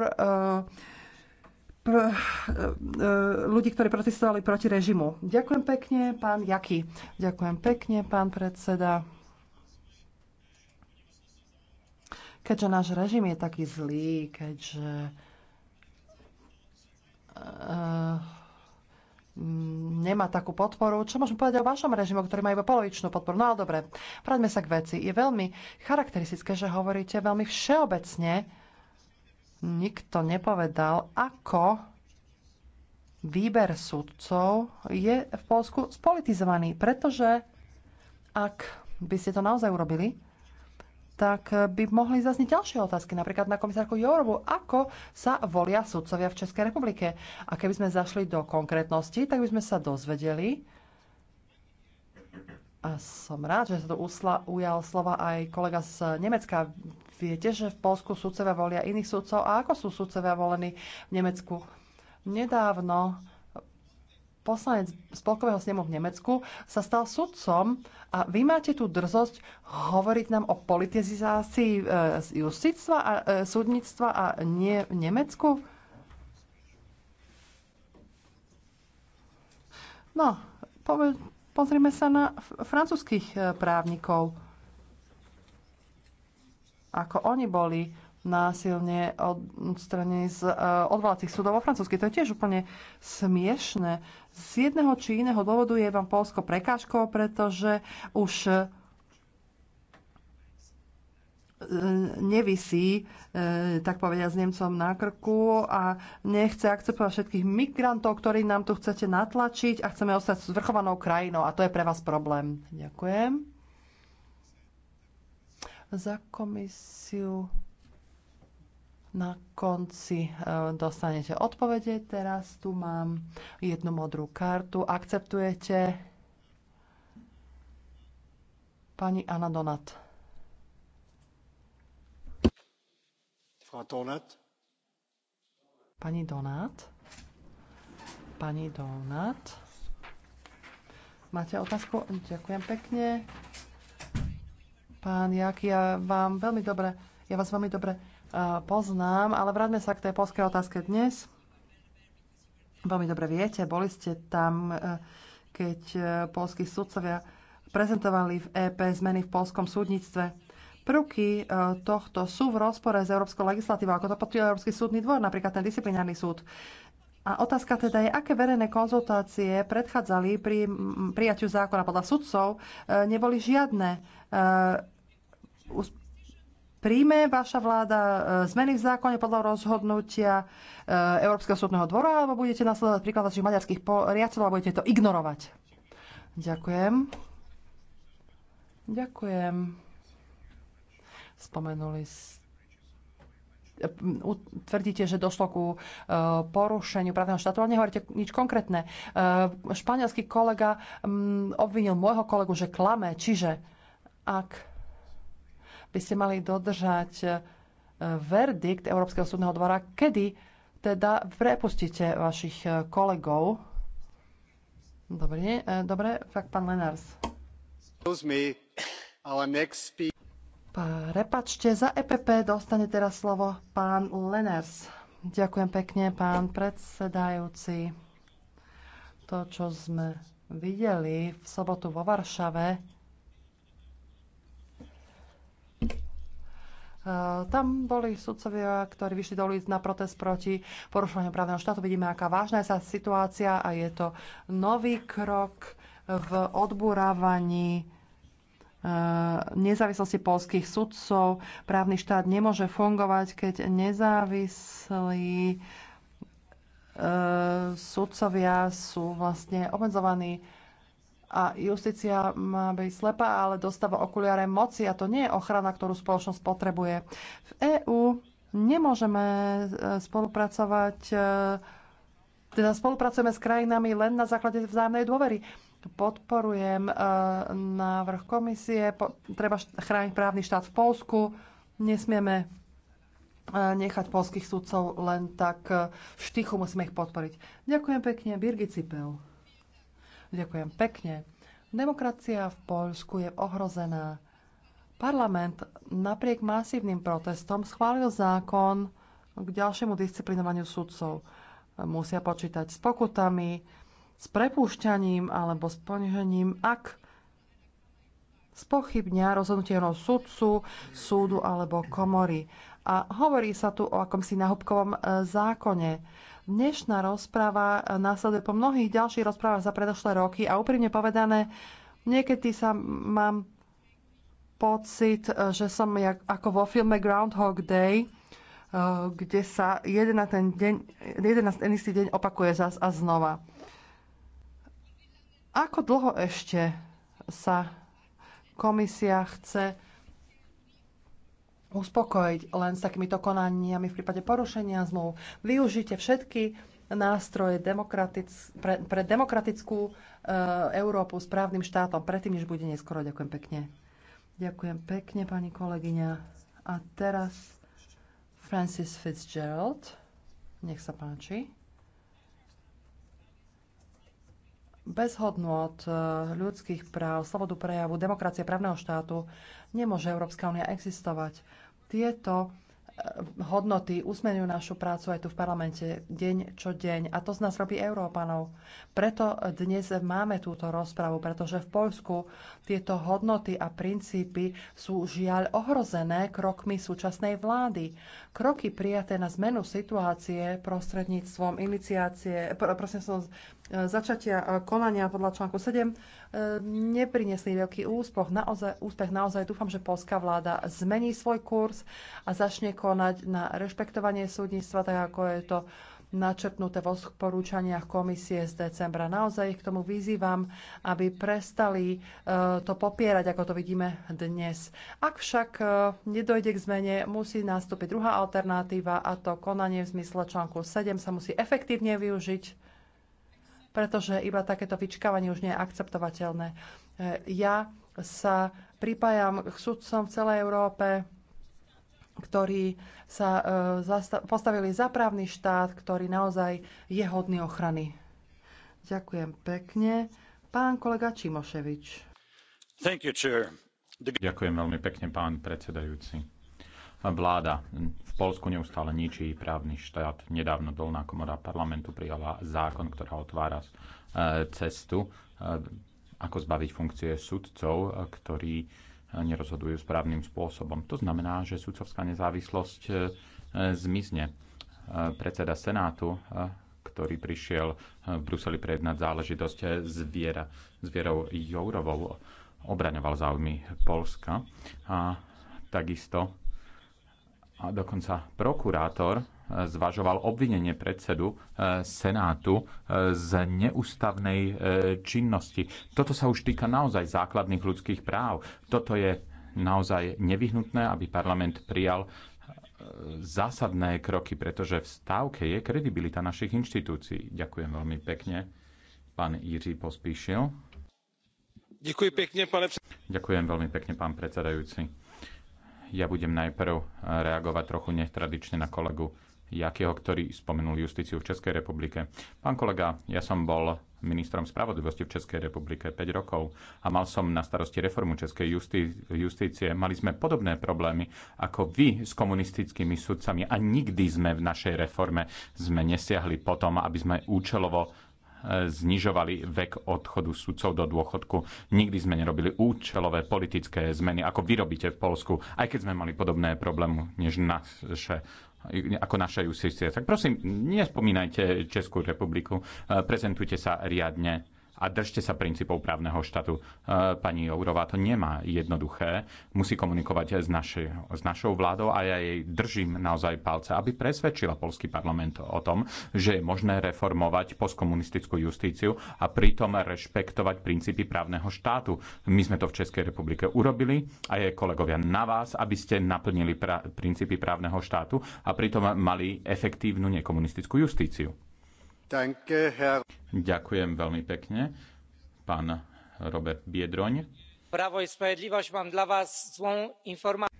ľudí, ktorí protestovali proti režimu. Ďakujem pekne, pán Jaký. Ďakujem pekne, pán predseda. Keďže náš režim je taký zlý, keďže uh, Mm, nemá takú podporu. Čo môžeme povedať o vašom režimu, ktorý má iba polovičnú podporu? No ale dobre, vráťme sa k veci. Je veľmi charakteristické, že hovoríte veľmi všeobecne. Nikto nepovedal, ako výber sudcov je v Polsku spolitizovaný, pretože ak by ste to naozaj urobili, tak by mohli zazniť ďalšie otázky, napríklad na komisárku Jourovu, ako sa volia sudcovia v Českej republike. A keby sme zašli do konkrétnosti, tak by sme sa dozvedeli, a som rád, že sa tu usla, ujal slova aj kolega z Nemecka. Viete, že v Polsku sudcovia volia iných sudcov a ako sú sudcovia volení v Nemecku? Nedávno poslanec Spolkového snemu v Nemecku sa stal sudcom a vy máte tú drzosť hovoriť nám o politizácii e, justíctva a e, súdnictva a nie v Nemecku? No, pozrime sa na francúzských e, právnikov. Ako oni boli násilne odstranený z e, odvolacích súdov vo Francúzsky. To je tiež úplne smiešne. Z jedného či iného dôvodu je vám Polsko prekážkou, pretože už e, nevisí, e, tak povedia s Nemcom na krku a nechce akceptovať všetkých migrantov, ktorí nám tu chcete natlačiť a chceme ostať zvrchovanou krajinou a to je pre vás problém. Ďakujem. Za komisiu na konci e, dostanete odpovede. Teraz tu mám jednu modrú kartu. Akceptujete? Pani Anna Donat. Donat. Pani Donat. Pani Donat. Máte otázku? Ďakujem pekne. Pán Jak, ja vám veľmi dobre, ja vás veľmi dobre Eh, poznám, ale vráťme sa k tej polskej otázke dnes. Veľmi dobre viete, boli ste tam, eh, keď eh, polskí sudcovia prezentovali v EP zmeny v polskom súdnictve. Prvky tohto sú v rozpore s európskou legislatívou, ako to potvrdil Európsky súdny dvor, napríklad ten disciplinárny súd. A otázka teda je, aké verejné konzultácie predchádzali pri prijaťu zákona podľa sudcov, neboli žiadne príjme vaša vláda e, zmeny v zákone podľa rozhodnutia e, Európskeho súdneho dvora, alebo budete nasledovať príklad vašich maďarských poriadcov a budete to ignorovať? Ďakujem. Ďakujem. Spomenuli ste e, tvrdíte, že došlo ku porušeniu právneho štátu, ale nehovoríte nič konkrétne. Španielský kolega obvinil môjho kolegu, že klame, čiže ak by ste mali dodržať e, verdikt Európskeho súdneho dvora, kedy teda prepustíte vašich e, kolegov. Dobre, nie? E, dobre, fakt pán Lenars. Prepačte, za EPP dostane teraz slovo pán Lenars. Ďakujem pekne, pán predsedajúci. To, čo sme videli v sobotu vo Varšave, Eh, tam boli sudcovia, ktorí vyšli do ulic na protest proti porušovaniu právneho štátu. Vidíme, aká vážna je sa situácia a je to nový krok v odburávaní eh, nezávislosti polských sudcov. Právny štát nemôže fungovať, keď nezávislí eh, sudcovia sú vlastne obmedzovaní a justícia má byť slepá, ale dostáva okuliare moci a to nie je ochrana, ktorú spoločnosť potrebuje. V EÚ nemôžeme e, spolupracovať, e, teda spolupracujeme s krajinami len na základe vzájomnej dôvery. Podporujem e, návrh komisie, treba chrániť právny štát v Polsku, nesmieme nechať polských sudcov len tak v štychu, musíme ich podporiť. Ďakujem pekne, Birgit Cipel. Ďakujem pekne. Demokracia v Poľsku je ohrozená. Parlament napriek masívnym protestom schválil zákon k ďalšiemu disciplinovaniu sudcov. Musia počítať s pokutami, s prepúšťaním alebo s ponižením, ak spochybňa rozhodnutie sudcu, súdu alebo komory. A hovorí sa tu o akomsi nahubkovom e, zákone. Dnešná rozpráva e, následuje po mnohých ďalších rozprávach za predošlé roky a úprimne povedané, niekedy sa mám pocit, e, že som jak, ako vo filme Groundhog Day, e, kde sa jeden ten, deň, jeden na ten istý deň opakuje zas a znova. Ako dlho ešte sa komisia chce uspokojiť len s takýmito konaniami v prípade porušenia zmluv. Využite všetky nástroje demokratic, pre, pre demokratickú e, Európu s právnym štátom, predtým, než bude neskoro. Ďakujem pekne. Ďakujem pekne, pani kolegyňa. A teraz Francis Fitzgerald. Nech sa páči. Bez hodnot e, ľudských práv, slobodu prejavu, demokracie, právneho štátu nemôže Európska únia existovať. Tieto e, hodnoty usmerňujú našu prácu aj tu v parlamente deň čo deň. A to z nás robí Európanov. Preto dnes máme túto rozpravu, pretože v Poľsku tieto hodnoty a princípy sú žiaľ ohrozené krokmi súčasnej vlády. Kroky prijaté na zmenu situácie prostredníctvom iniciácie, som, E, začatia e, konania podľa článku 7 e, neprinesli veľký úspech. Naozaj, úspech naozaj dúfam, že polská vláda zmení svoj kurz a začne konať na rešpektovanie súdnictva, tak ako je to načrtnuté v porúčaniach komisie z decembra. Naozaj ich k tomu vyzývam, aby prestali to popierať, ako to vidíme dnes. Ak však nedojde k zmene, musí nastúpiť druhá alternatíva a to konanie v zmysle článku 7 sa musí efektívne využiť pretože iba takéto vyčkávanie už nie je akceptovateľné. Ja sa pripájam k sudcom v celej Európe, ktorí sa e, postavili za právny štát, ktorý naozaj je hodný ochrany. Ďakujem pekne. Pán kolega Čimoševič. You, The... Ďakujem veľmi pekne, pán predsedajúci Vláda v Polsku neustále ničí právny štát. Nedávno dolná komora parlamentu prijala zákon, ktorá otvára e, cestu, e, ako zbaviť funkcie sudcov, e, ktorí nerozhodujú správnym spôsobom. To znamená, že sudcovská nezávislosť zmizne. Predseda Senátu, ktorý prišiel v Bruseli prejednať záležitosť zviera, zvierou Jourovou, obraňoval záujmy Polska a takisto a dokonca prokurátor eh, zvažoval obvinenie predsedu eh, Senátu eh, z neústavnej činnosti. Toto sa už týka naozaj základných ľudských práv. Toto je naozaj nevyhnutné, aby parlament prijal zásadné kroky, pretože v stávke je kredibilita našich inštitúcií. Ďakujem veľmi pekne. Pán Jiří Pospíšil. Ďakujem pekne, pane... Ďakujem veľmi pekne, pán predsedajúci ja budem najprv eh, reagovať trochu netradične na kolegu Jakého, ktorý spomenul justíciu v Českej republike. Pán kolega, ja som bol ministrom spravodlivosti v Českej republike 5 rokov a mal som na starosti reformu Českej justí- justície. Mali sme podobné problémy ako vy s komunistickými sudcami a nikdy sme v našej reforme sme nesiahli potom, aby sme účelovo znižovali vek odchodu sudcov do dôchodku. Nikdy sme nerobili účelové politické zmeny, ako vyrobíte v Polsku, aj keď sme mali podobné problémy než naše ako naša justícia. Tak prosím, nespomínajte Českú republiku, prezentujte sa riadne a držte sa princípov právneho štátu. E, pani Jourová to nemá jednoduché, musí komunikovať s, naši, s našou vládou a ja jej držím naozaj palce, aby presvedčila polský parlament o tom, že je možné reformovať postkomunistickú justíciu a pritom rešpektovať princípy právneho štátu. My sme to v Českej republike urobili a je kolegovia na vás, aby ste naplnili pra- princípy právneho štátu a pritom mali efektívnu nekomunistickú justíciu. Ďakujem veľmi pekne, pán Robert Biedroň. Pravo i spravedlivosť mám dla vás zlú informáciu.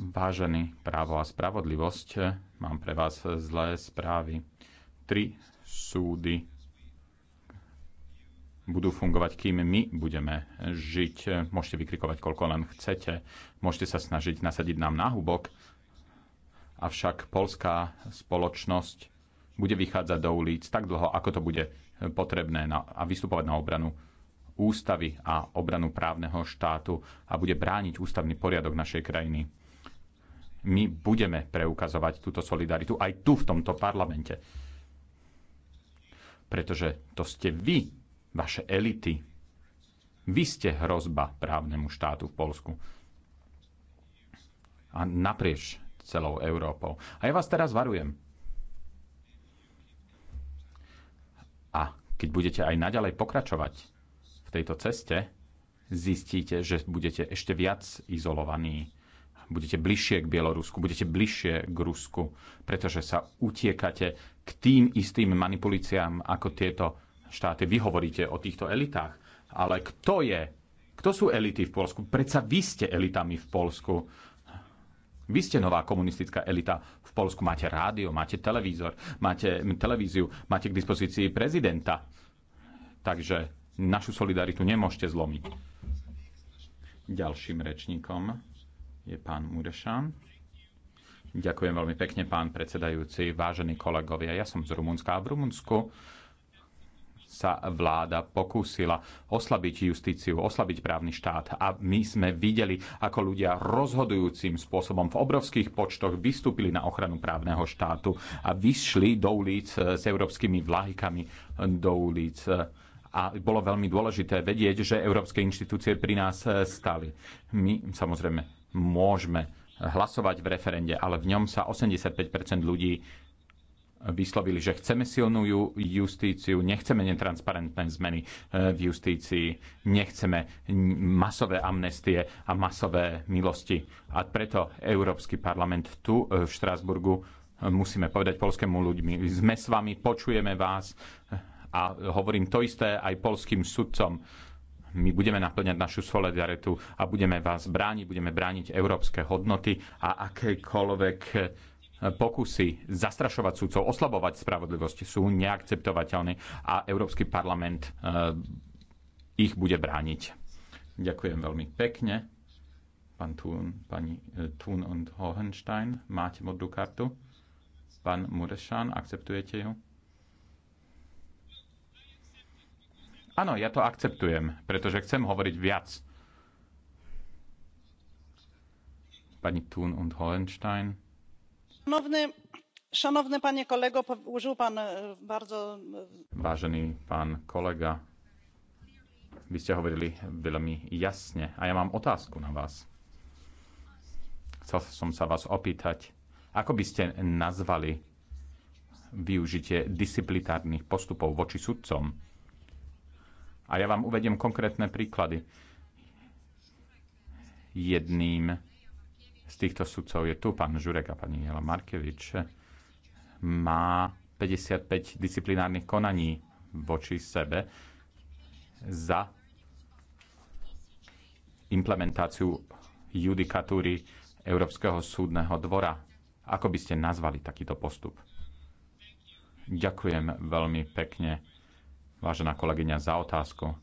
Vážený právo a spravodlivosť, mám pre vás zlé správy. Tri súdy budú fungovať, kým my budeme žiť. Môžete vykrikovať, koľko len chcete. Môžete sa snažiť nasadiť nám na hubok, avšak polská spoločnosť bude vychádzať do ulic tak dlho, ako to bude potrebné na, a vystupovať na obranu ústavy a obranu právneho štátu a bude brániť ústavný poriadok našej krajiny. My budeme preukazovať túto solidaritu aj tu v tomto parlamente. Pretože to ste vy, vaše elity. Vy ste hrozba právnemu štátu v Polsku. A naprieč celou Európou. A ja vás teraz varujem. A keď budete aj naďalej pokračovať v tejto ceste, zistíte, že budete ešte viac izolovaní. Budete bližšie k Bielorusku, budete bližšie k Rusku, pretože sa utiekate k tým istým manipuláciám, ako tieto štáty. Vy hovoríte o týchto elitách, ale kto je? Kto sú elity v Polsku? Predsa vy ste elitami v Polsku vy ste nová komunistická elita. V Polsku máte rádio, máte televízor, máte televíziu, máte k dispozícii prezidenta. Takže našu solidaritu nemôžete zlomiť. Ďalším rečníkom je pán Murešan. Ďakujem veľmi pekne, pán predsedajúci, vážení kolegovia. Ja som z Rumunska a v Rumunsku sa vláda pokúsila oslabiť justíciu, oslabiť právny štát. A my sme videli, ako ľudia rozhodujúcim spôsobom v obrovských počtoch vystúpili na ochranu právneho štátu a vyšli do ulic eh, s európskymi vlajkami eh, do ulic a bolo veľmi dôležité vedieť, že európske inštitúcie pri nás eh, stali. My samozrejme môžeme hlasovať v referende, ale v ňom sa 85% ľudí vyslovili, že chceme silnú justíciu, nechceme netransparentné zmeny e, v justícii, nechceme masové amnestie a masové milosti. A preto Európsky parlament tu e, v Štrásburgu e, musíme povedať polskému ľuďmi. Sme s vami, počujeme vás a hovorím to isté aj polským sudcom. My budeme naplňať našu solidaritu a budeme vás brániť, budeme brániť európske hodnoty a akékoľvek pokusy zastrašovať súcov, oslabovať spravodlivosť sú neakceptovateľné a Európsky parlament eh, ich bude brániť. Ďakujem veľmi pekne. Pán Thun, pani eh, Thun und Hohenstein, máte modrú kartu? Pán Murešan, akceptujete ju? Áno, ja to akceptujem, pretože chcem hovoriť viac. Pani Thun und Hohenstein. E, e, Vážený pán kolega, vy ste hovorili veľmi jasne a ja mám otázku na vás. Chcel som sa vás opýtať, ako by ste nazvali využitie disciplinárnych postupov voči sudcom? A ja vám uvediem konkrétne príklady. Jedným z týchto sudcov je tu. Pán Žurek a pani Jela Markevič má 55 disciplinárnych konaní voči sebe za implementáciu judikatúry Európskeho súdneho dvora. Ako by ste nazvali takýto postup? Ďakujem veľmi pekne, vážená kolegyňa, za otázku.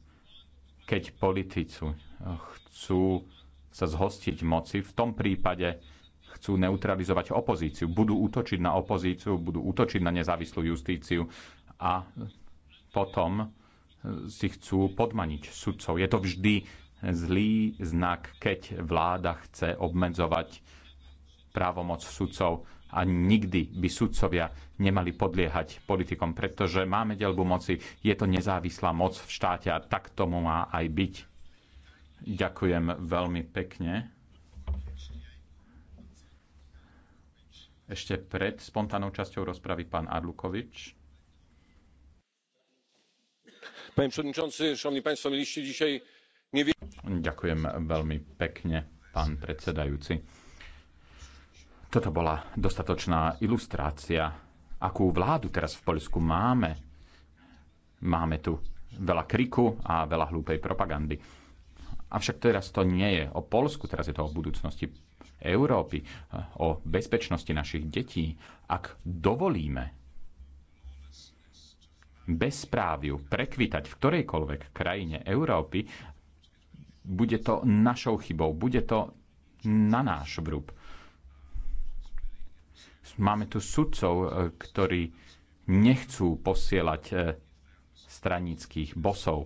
Keď politici chcú sa zhostiť moci. V tom prípade chcú neutralizovať opozíciu, budú útočiť na opozíciu, budú útočiť na nezávislú justíciu a potom si chcú podmaniť sudcov. Je to vždy zlý znak, keď vláda chce obmedzovať právomoc sudcov a nikdy by sudcovia nemali podliehať politikom, pretože máme delbu moci, je to nezávislá moc v štáte a tak tomu má aj byť. Ďakujem veľmi pekne. Ešte pred spontánnou časťou rozpravy pán Arlukovič. Panie przewodniczący, páni, państwo, mieliście dzisiaj nevie... Ďakujem veľmi pekne, pán predsedajúci. Toto bola dostatočná ilustrácia, akú vládu teraz v Poľsku máme. Máme tu veľa kriku a veľa hlúpej propagandy Avšak teraz to nie je o Polsku, teraz je to o budúcnosti Európy, o bezpečnosti našich detí. Ak dovolíme bezpráviu prekvitať v ktorejkoľvek krajine Európy, bude to našou chybou, bude to na náš vrúb. Máme tu sudcov, eh, ktorí nechcú posielať eh, stranických bosov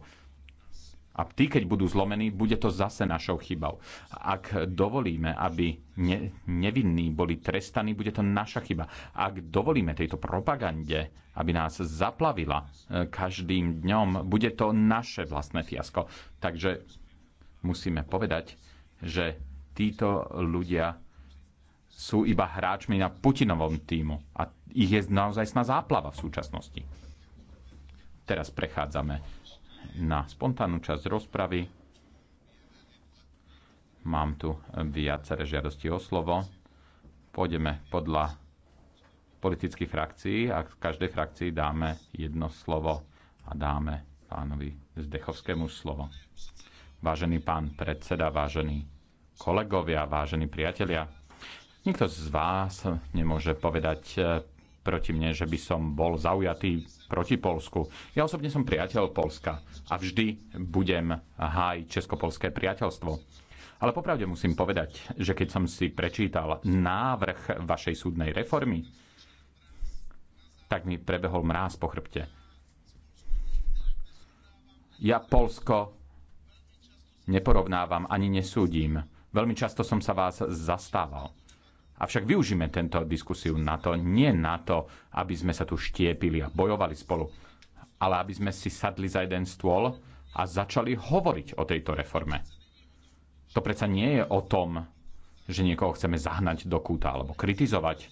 a tí, keď budú zlomení, bude to zase našou chybou. Ak dovolíme, aby ne, nevinní boli trestaní, bude to naša chyba. Ak dovolíme tejto propagande, aby nás zaplavila e, každým dňom, bude to naše vlastné fiasko. Takže musíme povedať, že títo ľudia sú iba hráčmi na Putinovom týmu a ich je naozaj sná záplava v súčasnosti. Teraz prechádzame na spontánnu časť rozpravy. Mám tu viaceré žiadosti o slovo. Pôjdeme podľa politických frakcií a každej frakcii dáme jedno slovo a dáme pánovi Zdechovskému slovo. Vážený pán predseda, vážení kolegovia, vážení priatelia, nikto z vás nemôže povedať proti mne, že by som bol zaujatý proti Polsku. Ja osobne som priateľ Polska a vždy budem hájiť česko-polské priateľstvo. Ale popravde musím povedať, že keď som si prečítal návrh vašej súdnej reformy, tak mi prebehol mráz po chrbte. Ja Polsko neporovnávam ani nesúdím. Veľmi často som sa vás zastával. Avšak využíme tento diskusiu na to, nie na to, aby sme sa tu štiepili a bojovali spolu, ale aby sme si sadli za jeden stôl a začali hovoriť o tejto reforme. To predsa nie je o tom, že niekoho chceme zahnať do kúta alebo kritizovať,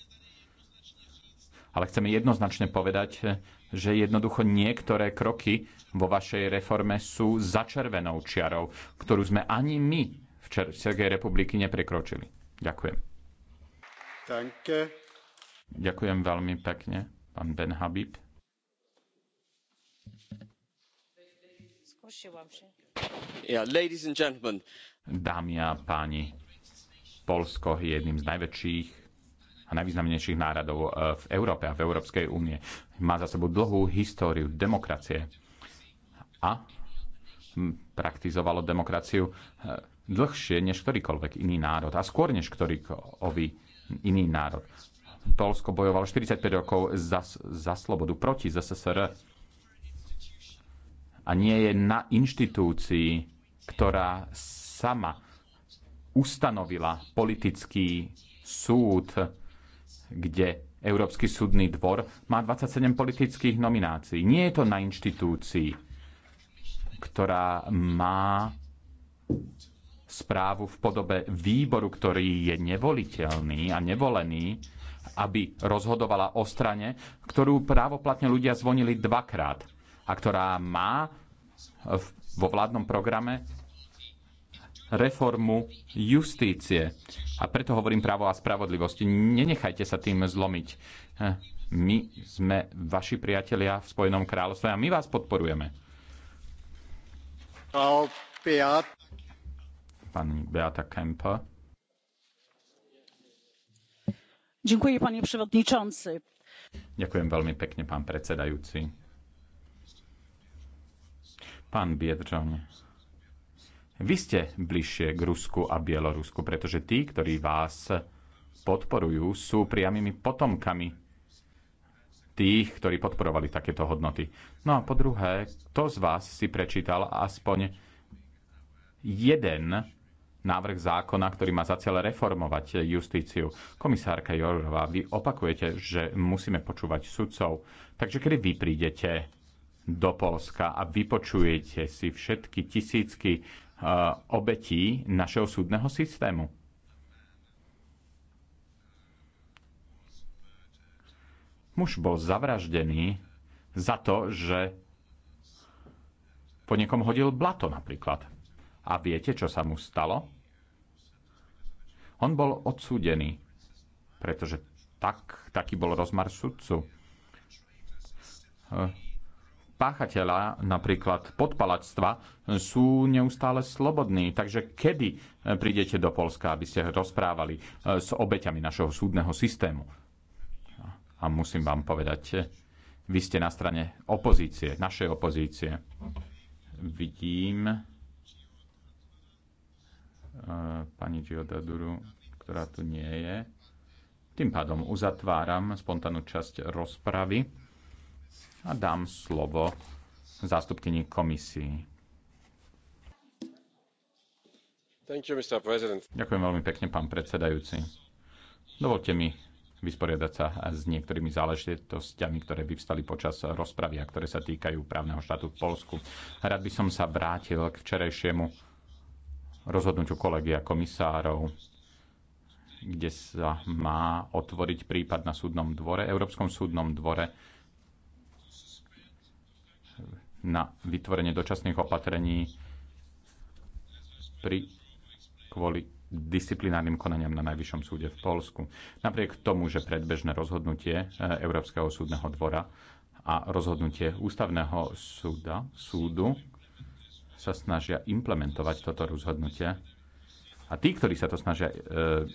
ale chceme jednoznačne povedať, že jednoducho niektoré kroky vo vašej reforme sú začervenou čiarou, ktorú sme ani my v Českej republiky neprekročili. Ďakujem. Danke. Ďakujem veľmi pekne, pán Ben Habib. Yeah, ladies and gentlemen. Dámy a páni, Polsko je jedným z najväčších a najvýznamnejších národov eh, v Európe a v Európskej únie. Má za sebou dlhú históriu demokracie a hm, praktizovalo demokraciu eh, dlhšie než ktorýkoľvek iný národ a skôr než ktorýkoľvek iný národ. Polsko bojovalo 45 rokov za, za slobodu proti ZSSR a nie je na inštitúcii, ktorá sama ustanovila politický súd, kde Európsky súdny dvor má 27 politických nominácií. Nie je to na inštitúcii, ktorá má správu v podobe výboru, ktorý je nevoliteľný a nevolený, aby rozhodovala o strane, ktorú právoplatne ľudia zvonili dvakrát a ktorá má vo vládnom programe reformu justície. A preto hovorím právo a spravodlivosti. Nenechajte sa tým zlomiť. Eh, my sme vaši priatelia v Spojenom kráľovstve a my vás podporujeme pani Beata Kempa. Ďakujem, panie przewodniczący. Ďakujem veľmi pekne, pán predsedajúci. Pán Biedroň, vy ste bližšie k Rusku a Bielorusku, pretože tí, ktorí vás podporujú, sú priamými potomkami tých, ktorí podporovali takéto hodnoty. No a po druhé, kto z vás si prečítal aspoň jeden návrh zákona, ktorý má za cieľ reformovať justíciu. Komisárka Jorová, vy opakujete, že musíme počúvať sudcov. Takže kedy vy prídete do Polska a vypočujete si všetky tisícky uh, obetí našeho súdneho systému? Muž bol zavraždený za to, že po niekom hodil blato napríklad. A viete, čo sa mu stalo? On bol odsúdený, pretože tak, taký bol rozmar sudcu. Eh, páchateľa napríklad podpalačstva sú neustále slobodní, takže kedy eh, prídete do Polska, aby ste rozprávali eh, s obeťami našeho súdneho systému? A musím vám povedať, vy ste na strane opozície, našej opozície. Vidím, E, pani Giodaduru, ktorá tu nie je. Tým pádom uzatváram spontánnu časť rozpravy a dám slovo zástupkyni komisii. Ďakujem veľmi pekne, pán predsedajúci. Dovolte mi vysporiadať sa s niektorými záležitostiami, ktoré vyvstali počas rozpravy a ktoré sa týkajú právneho štátu v Polsku. Rád by som sa vrátil k včerajšiemu rozhodnutiu kolegia komisárov, kde sa má otvoriť prípad na súdnom dvore, Európskom súdnom dvore na vytvorenie dočasných opatrení pri, kvôli disciplinárnym konaniam na Najvyššom súde v Polsku. Napriek tomu, že predbežné rozhodnutie e, Európskeho súdneho dvora a rozhodnutie Ústavného súda, súdu sa snažia implementovať toto rozhodnutie. A tí, ktorí sa to snažia e,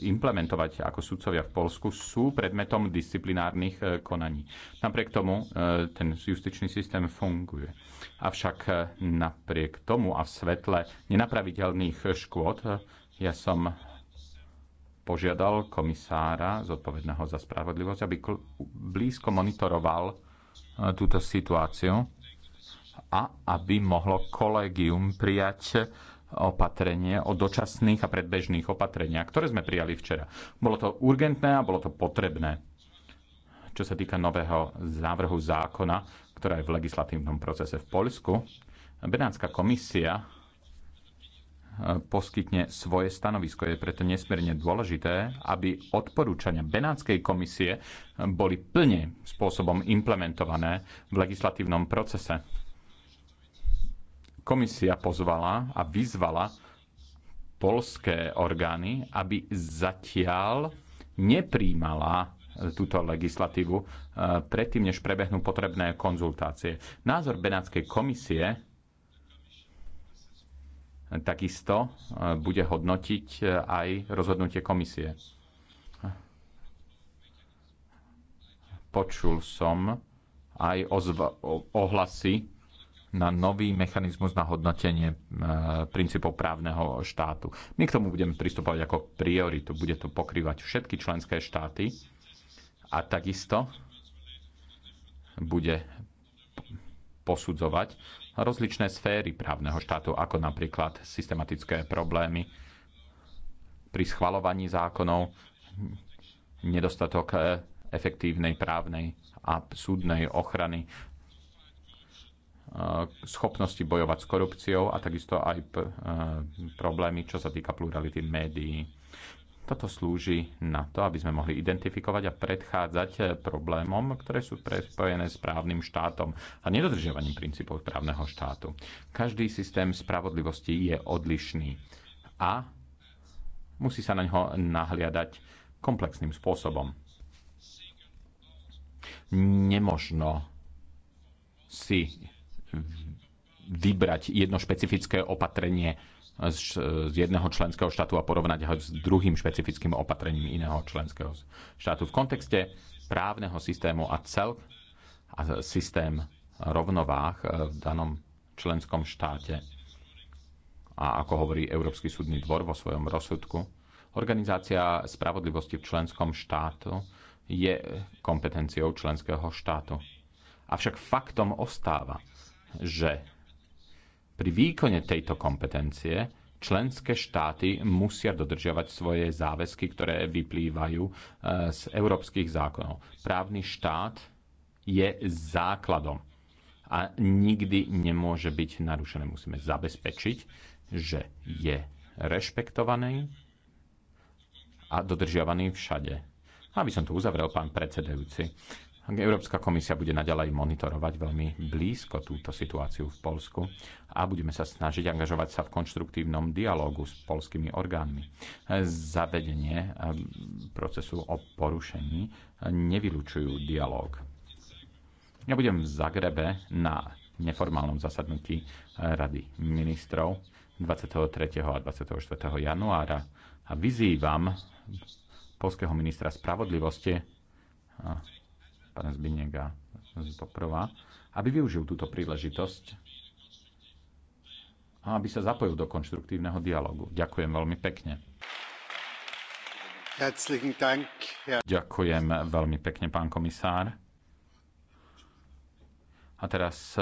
implementovať ako sudcovia v Polsku, sú predmetom disciplinárnych e, konaní. Napriek tomu e, ten justičný systém funguje. Avšak napriek tomu a v svetle nenapraviteľných škôd, ja som požiadal komisára zodpovedného za spravodlivosť, aby blízko monitoroval túto situáciu a aby mohlo kolégium prijať opatrenie o dočasných a predbežných opatreniach, ktoré sme prijali včera. Bolo to urgentné a bolo to potrebné, čo sa týka nového návrhu zákona, ktorá je v legislatívnom procese v Poľsku. Benátska komisia eh, poskytne svoje stanovisko. Je preto nesmierne dôležité, aby odporúčania Benátskej komisie boli plne spôsobom implementované v legislatívnom procese komisia pozvala a vyzvala polské orgány, aby zatiaľ nepríjmala túto legislatívu eh, predtým, než prebehnú potrebné konzultácie. Názor Benátskej komisie eh, takisto eh, bude hodnotiť aj rozhodnutie komisie. Počul som aj o ohlasy na nový mechanizmus na hodnotenie e, princípov právneho štátu. My k tomu budeme pristupovať ako prioritu. Bude to pokrývať všetky členské štáty a takisto bude posudzovať rozličné sféry právneho štátu, ako napríklad systematické problémy pri schvalovaní zákonov, nedostatok e, efektívnej právnej a súdnej ochrany Eh, schopnosti bojovať s korupciou a takisto aj eh, problémy, čo sa týka plurality médií. Toto slúži na to, aby sme mohli identifikovať a predchádzať eh, problémom, ktoré sú prespojené s právnym štátom a nedodržiavaním princípov právneho štátu. Každý systém spravodlivosti je odlišný a musí sa na ňo nahliadať komplexným spôsobom. Nemožno si vybrať jedno špecifické opatrenie z, jedného členského štátu a porovnať ho s druhým špecifickým opatrením iného členského štátu. V kontexte právneho systému a cel a systém rovnováh eh, v danom členskom štáte a ako hovorí Európsky súdny dvor vo svojom rozsudku, organizácia spravodlivosti v členskom štátu je kompetenciou členského štátu. Avšak faktom ostáva, že pri výkone tejto kompetencie členské štáty musia dodržiavať svoje záväzky, ktoré vyplývajú e, z európskych zákonov. Právny štát je základom a nikdy nemôže byť narušené. Musíme zabezpečiť, že je rešpektovaný a dodržiavaný všade. Aby som to uzavrel, pán predsedajúci, Európska komisia bude naďalej monitorovať veľmi blízko túto situáciu v Polsku a budeme sa snažiť angažovať sa v konštruktívnom dialogu s polskými orgánmi. Zavedenie eh, procesu o porušení eh, nevylučujú dialog. Ja budem v Zagrebe na neformálnom zasadnutí eh, Rady ministrov 23. a 24. januára a vyzývam polského ministra spravodlivosti pán Zbinega poprvá, aby využil túto príležitosť a aby sa zapojil do konštruktívneho dialogu. Ďakujem veľmi pekne. Ďakujem veľmi pekne, pán komisár. A teraz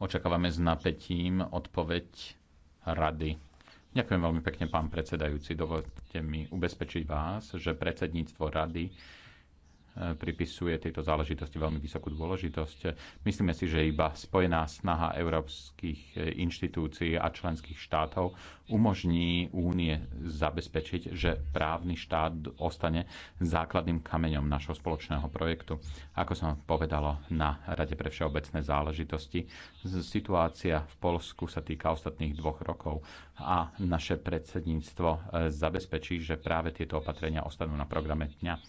očakávame s napätím odpoveď rady. Ďakujem veľmi pekne, pán predsedajúci. Dovolte mi ubezpečiť vás, že predsedníctvo rady pripisuje tejto záležitosti veľmi vysokú dôležitosť. Myslíme si, že iba spojená snaha európskych inštitúcií a členských štátov umožní únie zabezpečiť, že právny štát ostane základným kameňom našho spoločného projektu. Ako som povedalo na Rade pre všeobecné záležitosti, situácia v Polsku sa týka ostatných dvoch rokov a naše predsedníctvo zabezpečí, že práve tieto opatrenia ostanú na programe dňa.